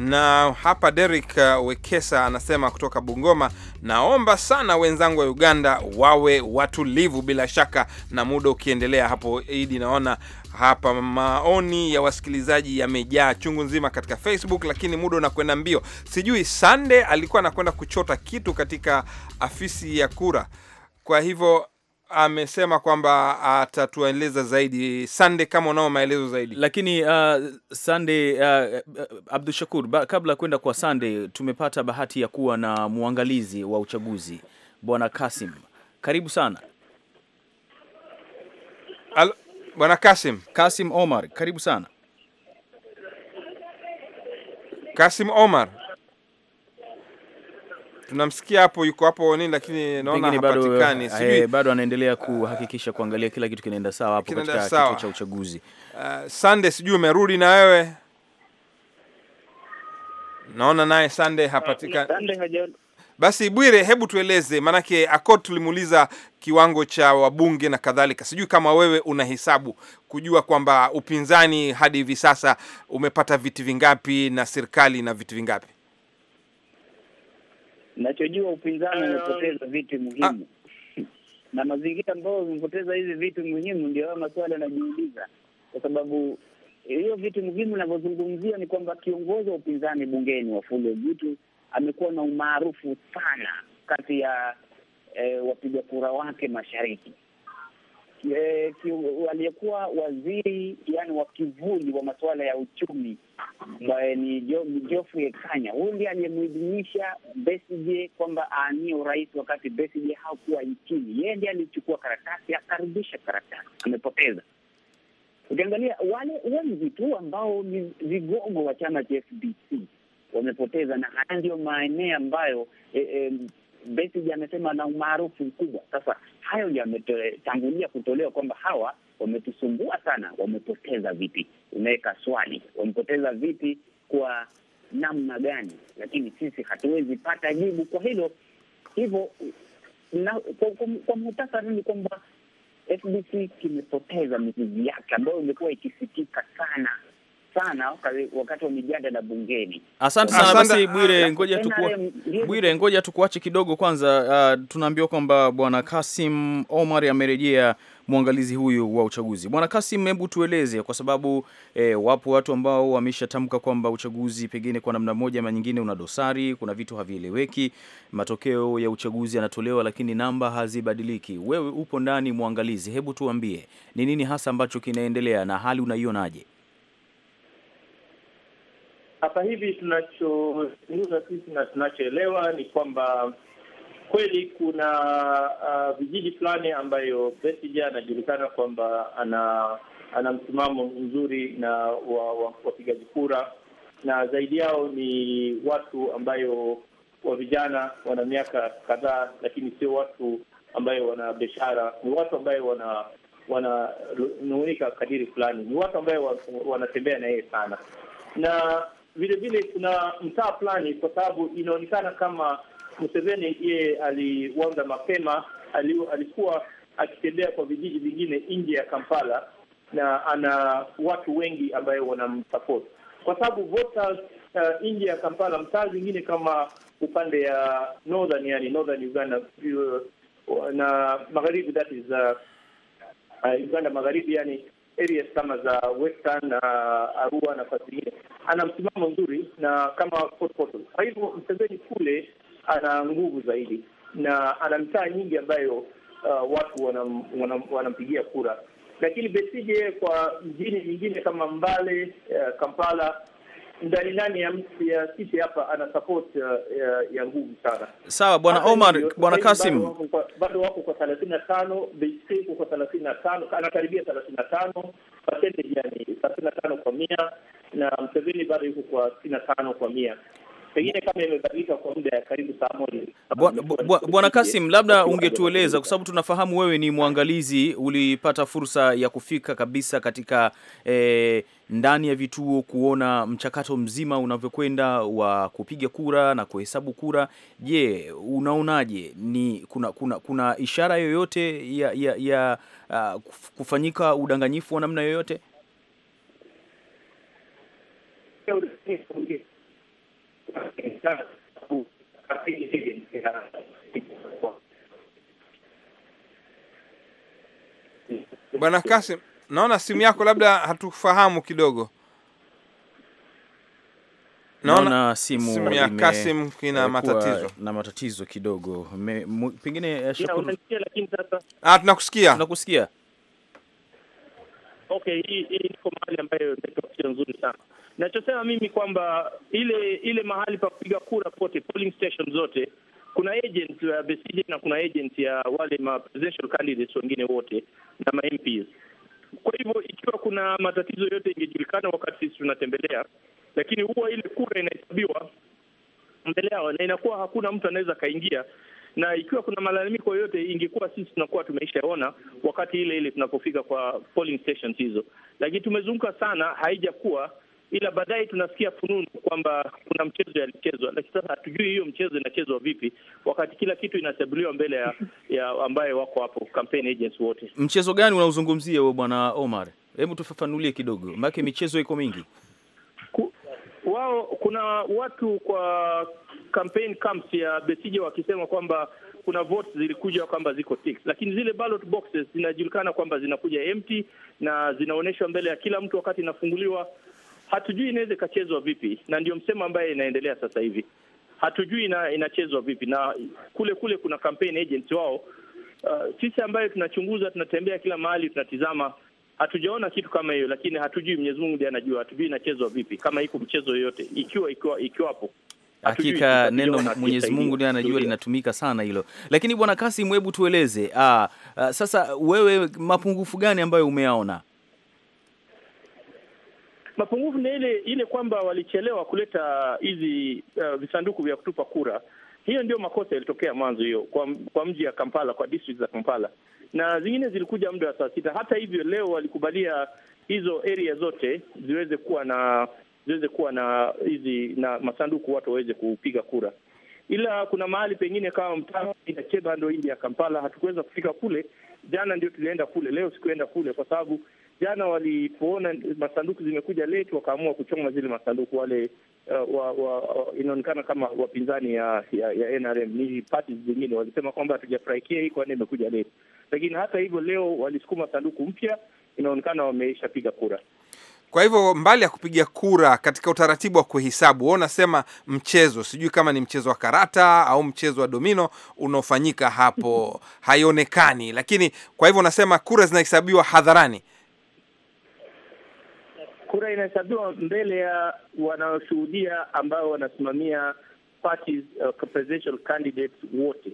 na hapa Derek uh, Wekesa anasema kutoka Bungoma, naomba sana wenzangu wa Uganda wawe watulivu. Bila shaka na muda ukiendelea hapo, Idi, naona hapa maoni ya wasikilizaji yamejaa chungu nzima katika Facebook, lakini muda unakwenda mbio. Sijui Sande alikuwa anakwenda kuchota kitu katika afisi ya kura, kwa hivyo amesema kwamba atatueleza zaidi Sande, kama unao maelezo zaidi. Lakini uh, Sande uh, uh Abdu Shakur, kabla ya kwenda kwa Sande, tumepata bahati
ya kuwa na mwangalizi wa uchaguzi Bwana Kasim. Karibu sana
Al Bwana Kasim, Kasim Omar, karibu sana Kasim Omar tunamsikia hapo, yuko hapo nini, lakini eh, naona hapatikani, eh, sijui eh, bado anaendelea kuhakikisha kuangalia kila kitu kinaenda sawa hapo katika kituo cha uchaguzi. Uh, Sande, sijui umerudi na wewe, naona naye Sande hapatikani. Ah, Basi Bwire, hebu tueleze, maanake Akot tulimuuliza kiwango cha wabunge na kadhalika. Sijui kama wewe unahesabu kujua kwamba upinzani hadi hivi sasa umepata viti vingapi na serikali na viti vingapi?
Nachojua upinzani eh, umepoteza vitu muhimu ah. na mazingira ambayo umepoteza hizi vitu muhimu, ndio hayo maswali yanajiuliza, kwa sababu hiyo vitu muhimu inavyozungumzia ni kwamba kiongozi wa upinzani bungeni Wafula Ogutu amekuwa na umaarufu sana kati ya eh, wapiga kura wake mashariki e, eh, aliyekuwa waziri yani wa kivuli wa masuala ya uchumi ambaye ni Geoffrey kanya Huyu ndiye aliyemuidhinisha Besigye kwamba aanie urais wakati Besigye hakuwa nchini. Yeye ndiye alichukua karatasi, akarudisha karatasi, amepoteza. Ukiangalia wale wengi tu ambao ni vigogo wa chama cha FDC wamepoteza, na haya ndio maeneo ambayo e, e, Besigye amesema na umaarufu mkubwa. Sasa hayo yametangulia kutolewa kwamba hawa wametusumbua sana, wamepoteza vipi? Umeweka swali, wamepoteza vipi, kwa namna gani? Lakini sisi hatuwezi pata jibu kwa hilo. Hivyo kwa, kwa, kwa muhtasari ni kwamba FBC kimepoteza mizizi yake ambayo imekuwa ikisikika sana sana wakati wa mijadala bungeni.
Asante sana basi Bwire, ngoja tukua Bwire, ngoja tukuache kidogo kwanza. Uh, tunaambiwa kwamba bwana Kasim Omar amerejea mwangalizi huyu wa uchaguzi. Bwana Kasim, hebu tueleze kwa sababu e, wapo watu ambao wameshatamka kwamba uchaguzi pengine kwa namna moja ama nyingine una dosari, kuna vitu havieleweki, matokeo ya uchaguzi yanatolewa lakini namba hazibadiliki. Wewe upo ndani mwangalizi, hebu tuambie ni nini hasa ambacho kinaendelea na hali unaionaje?
Hapa hivi tunachozungumza sisi na tunachoelewa ni kwamba kweli kuna uh, vijiji fulani ambayo Besigye anajulikana kwamba ana ana msimamo mzuri na wa wapigaji wa kura, na zaidi yao ni watu ambayo wa vijana wana miaka kadhaa, lakini sio watu ambayo wana biashara, ni watu ambayo wana wananung'unika kadiri fulani, ni watu ambayo wanatembea na yeye sana na vile vile kuna mtaa fulani, kwa sababu inaonekana kama Museveni yeye aliwanza mapema, alikuwa akitembea kwa vijiji vingine nje ya Kampala na ana watu wengi ambayo wanamsupport kwa sababu voters uh, nje ya Kampala, mtaa zingine kama upande ya northern, yani northern Uganda uh, na magharibi that is uh, uh, Uganda magharibi yani areas kama za Western na uh, Arua na nafasi nyingine, ana msimamo mzuri na kama Fort Portal. Kwa hivyo Mseveni kule ana nguvu zaidi na ana mitaa nyingi ambayo uh, watu wanampigia wanam, wanam kura, lakini Besije kwa mjini nyingine kama Mbale, uh, Kampala ndani ndani ya ya sisi hapa ana support ya, uh, ya, ya nguvu sana.
Sawa bwana Omar, bwana Kasim
bado wako kwa 35, BC iko kwa 35, anakaribia 35 percentage, yani 35 kwa mia na Mseveni bado yuko kwa 65 kwa mia pengine kama imebadilika kwa muda ya karibu saa moja.
Bwana Kasim, labda ungetueleza kwa sababu tunafahamu wewe ni mwangalizi, ulipata fursa ya kufika kabisa katika eh, ndani ya vituo kuona mchakato mzima unavyokwenda wa kupiga kura na kuhesabu kura. Je, unaonaje, ni kuna kuna kuna ishara yoyote ya ya, ya uh, kufanyika udanganyifu wa namna yoyote?
Bwana Kasim, naona simu yako labda hatufahamu kidogo. Naona, simu, simu ya Kasim kina
matatizo na matatizo kidogo Me, mu, pengine eh, Shukuru, ah, tunakusikia tunakusikia.
Okay, hii hii iko mahali ambayo nzuri sana nachosema mimi kwamba ile ile mahali pa kupiga kura pote, polling station zote kuna agent ya Besigye na kuna agent ya wale ma presidential candidates wengine wote na ma MPs. Kwa hivyo ikiwa kuna matatizo yote ingejulikana wakati sisi tunatembelea, lakini huwa ile kura inahesabiwa mbele yao na inakuwa hakuna mtu anaweza akaingia, na ikiwa kuna malalamiko yoyote ingekuwa sisi tunakuwa tumeishaona wakati ile ile tunapofika kwa polling stations hizo, lakini tumezunguka sana, haijakuwa ila baadaye tunasikia fununu kwamba kuna mchezo yalichezwa, lakini sasa hatujui hiyo mchezo inachezwa vipi, wakati kila kitu inachabuliwa mbele ya, ya ambaye wako hapo campaign agents wote.
Mchezo gani unaozungumzia wewe bwana Omar? Hebu tufafanulie kidogo, maana michezo iko mingi.
Ku, wao kuna watu kwa campaign camps ya Besije wakisema kwamba kuna votes zilikuja kwamba ziko six, lakini zile ballot boxes zinajulikana kwamba zinakuja empty na zinaonyeshwa mbele ya kila mtu wakati inafunguliwa hatujui inaweza ikachezwa vipi, na ndio msemo ambaye inaendelea sasa hivi. Hatujui ina, inachezwa vipi, na kule kule kuna campaign agent wao. Uh, sisi ambayo tunachunguza, tunatembea kila mahali, tunatizama, hatujaona kitu kama hiyo, lakini hatujui. Mwenyezi Mungu ndiye anajua, hatujui inachezwa vipi, kama iko mchezo yoyote, ikiwa ikiwa ikiwapo
Hakika neno Mwenyezi Mungu ndiye anajua linatumika sana hilo. Lakini Bwana Kasim, hebu tueleze, aa, ah, aa, ah, sasa wewe mapungufu gani ambayo umeyaona?
mapungufu ni ile ile kwamba walichelewa kuleta hizi uh, visanduku vya kutupa kura. Hiyo ndio makosa yalitokea mwanzo, hiyo kwa, kwa mji ya Kampala, kwa district za Kampala na zingine zilikuja muda wa saa sita. Hata hivyo leo walikubalia hizo area zote ziweze kuwa na ziweze kuwa na hizi na masanduku watu waweze kupiga kura, ila kuna mahali pengine kama mtaa Chebando hii ya Kampala hatukuweza kufika kule. Jana ndio tulienda kule, leo sikuenda kule kwa sababu jana walipoona masanduku zimekuja late, wakaamua kuchoma zile masanduku wale. Uh, wa, wa, wa, uh, inaonekana kama wapinzani ya, ya, ya NRM ni pati zingine walisema kwamba hatujafurahikia hii, kwani imekuja late. Lakini hata hivyo leo walisukuma sanduku mpya, inaonekana wameishapiga kura.
Kwa hivyo mbali ya kupiga kura, katika utaratibu wa kuhesabu, wao unasema mchezo, sijui kama ni mchezo wa karata au mchezo wa domino unaofanyika hapo, haionekani. Lakini kwa hivyo unasema kura zinahesabiwa hadharani,
kura inahesabiwa mbele ya wanaoshuhudia ambao wanasimamia parties uh, presidential candidates wote.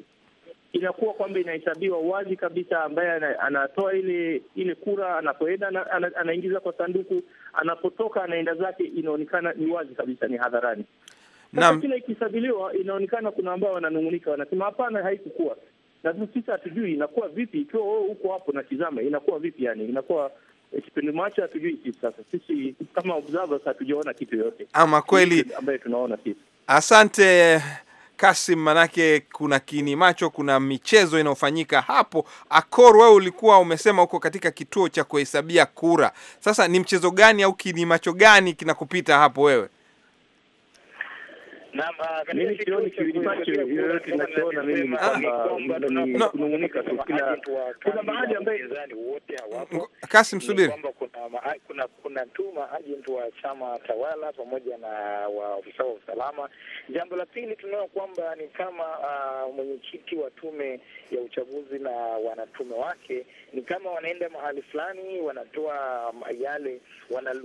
Inakuwa kwamba inahesabiwa wazi kabisa, ambaye anatoa ile ile kura anapoenda anaingiza kwa sanduku, anapotoka anaenda zake, inaonekana ni wazi kabisa, ni hadharani. Sasa kila ikisabiliwa, inaonekana kuna ambao wananung'unika, wanasema hapana, haikukuwa na sisi hatujui inakuwa vipi ikiwa wewe uko hapo na tizama, inakuwa vipi? Yani inakuwa kipindi macho hatujui kitu. Sasa sisi kama observers hatujaona kitu yote, ama kweli ambayo tunaona sisi.
Asante Kasim, manake kuna kini macho, kuna michezo inayofanyika hapo. Akor, wewe ulikuwa umesema huko katika kituo cha kuhesabia kura, sasa ni mchezo gani au kini macho gani kinakupita hapo wewe?
Ah, tu. Kuna
Kasim, subiri, ah, kuna tu maajenti wa chama tawala pamoja
na waafisa wa usalama. Jambo la pili, tunaona kwamba ni kama ah, mwenyekiti wa tume ya uchaguzi na wanatume wake ni kama wanaenda mahali fulani, wanatoa um, yale,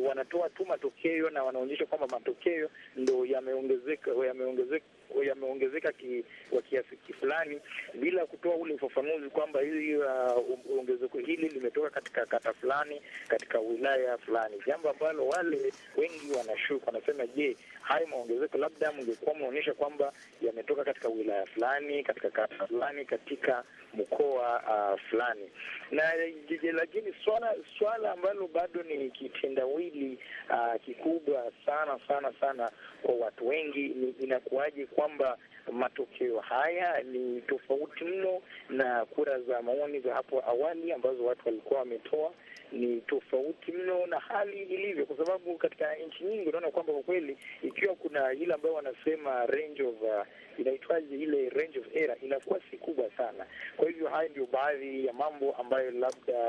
wanatoa tu matokeo na wanaonyesha kwamba matokeo ndo yameongezeka yameongezeka yameongezeka ki, kwa kiasi fulani bila kutoa ule ufafanuzi kwamba hili uh, ongezeko hili limetoka katika kata fulani katika wilaya fulani, jambo ambalo wale wengi wanashuka wanasema, je, hayo maongezeko labda mngekuwa mnaonyesha kwamba yametoka katika wilaya fulani, katika kata fulani, katika mkoa uh, fulani. Na lakini swala swala ambalo bado ni kitendawili uh, kikubwa sana sana sana kwa watu wengi ni inakuwaje kwamba matokeo haya ni tofauti mno na kura za maoni za hapo awali ambazo watu walikuwa wametoa ni tofauti mno na hali ilivyo, kwa sababu katika nchi nyingi unaona kwamba kwa kweli, ikiwa kuna ile ambayo wanasema range of uh, inaitwaje ile range of error inakuwa si kubwa sana. Kwa hivyo haya ndio baadhi ya mambo ambayo labda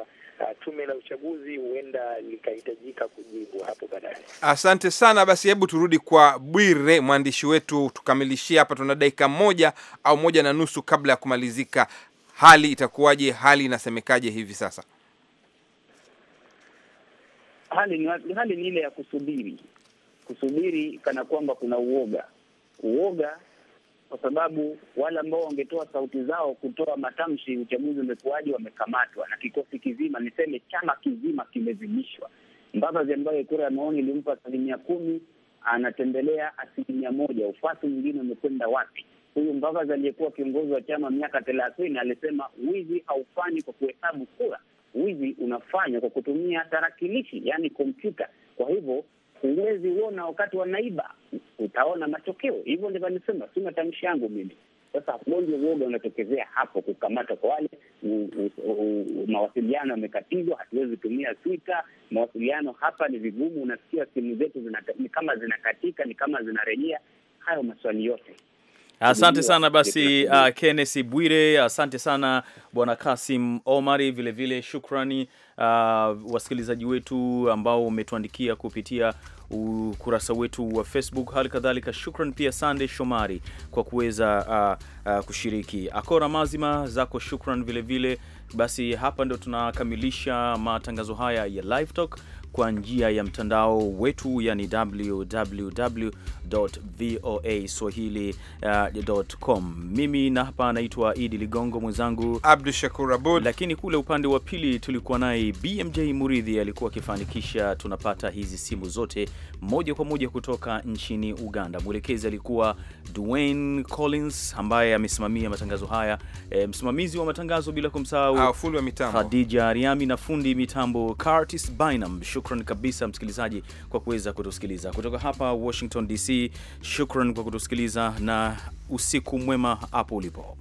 uh, tume la uchaguzi huenda likahitajika kujibu hapo baadaye.
Asante sana. Basi hebu turudi kwa Bwire mwandishi wetu, tukamilishie hapa, tuna dakika moja au moja na nusu kabla ya kumalizika. Hali itakuwaje? Hali inasemekaje hivi sasa?
hali ni, hali ni ile ya kusubiri, kusubiri kana kwamba kuna uoga, uoga kwa sababu wale ambao wangetoa sauti zao kutoa matamshi uchaguzi umekuwaje, wamekamatwa na kikosi kizima, niseme chama kizima kimezimishwa. Mbabazi ambaye kura ya maoni ilimpa asilimia kumi anatembelea asilimia moja. Ufasi mwingine umekwenda wapi? Huyu Mbabazi aliyekuwa kiongozi wa chama miaka thelathini alisema wizi haufani kwa kuhesabu kura wizi unafanywa kwa kutumia tarakilishi, yaani kompyuta. Kwa hivyo huwezi uona wakati wanaiba, utaona matokeo. Hivyo ndivyo nisema, si matamshi yangu mimi. Sasa ugonjwa uoga unatokezea hapo, kukamata kwa wale, mawasiliano yamekatizwa, hatuwezi tumia Twitter, mawasiliano hapa ni vigumu, unasikia simu zetu ni kama zinakatika, ni kama zinarejea. Hayo maswali yote
Asante sana basi, uh, Kenneth Bwire, asante sana bwana Kasim Omari, vilevile shukrani uh, wasikilizaji wetu ambao umetuandikia kupitia ukurasa wetu wa Facebook. Hali kadhalika shukran pia Sande Shomari kwa kuweza uh, uh, kushiriki akora mazima zako, shukran vilevile. Basi hapa ndo tunakamilisha matangazo haya ya Live Talk kwa njia ya mtandao wetu, yani www.voaswahili.com. Mimi na hapa naitwa Idi Ligongo, mwenzangu Abdu Shakur Abud, lakini kule upande wa pili tulikuwa naye BMJ Muridhi alikuwa akifanikisha tunapata hizi simu zote moja kwa moja kutoka nchini Uganda. Mwelekezi alikuwa Dwayne Collins ambaye amesimamia matangazo haya, e, msimamizi wa matangazo bila kumsahau ah, Khadija Riami na fundi mitambo Curtis Bynum shukran kabisa msikilizaji kwa kuweza kutusikiliza kutoka hapa Washington DC. Shukran kwa kutusikiliza na usiku mwema hapo ulipo.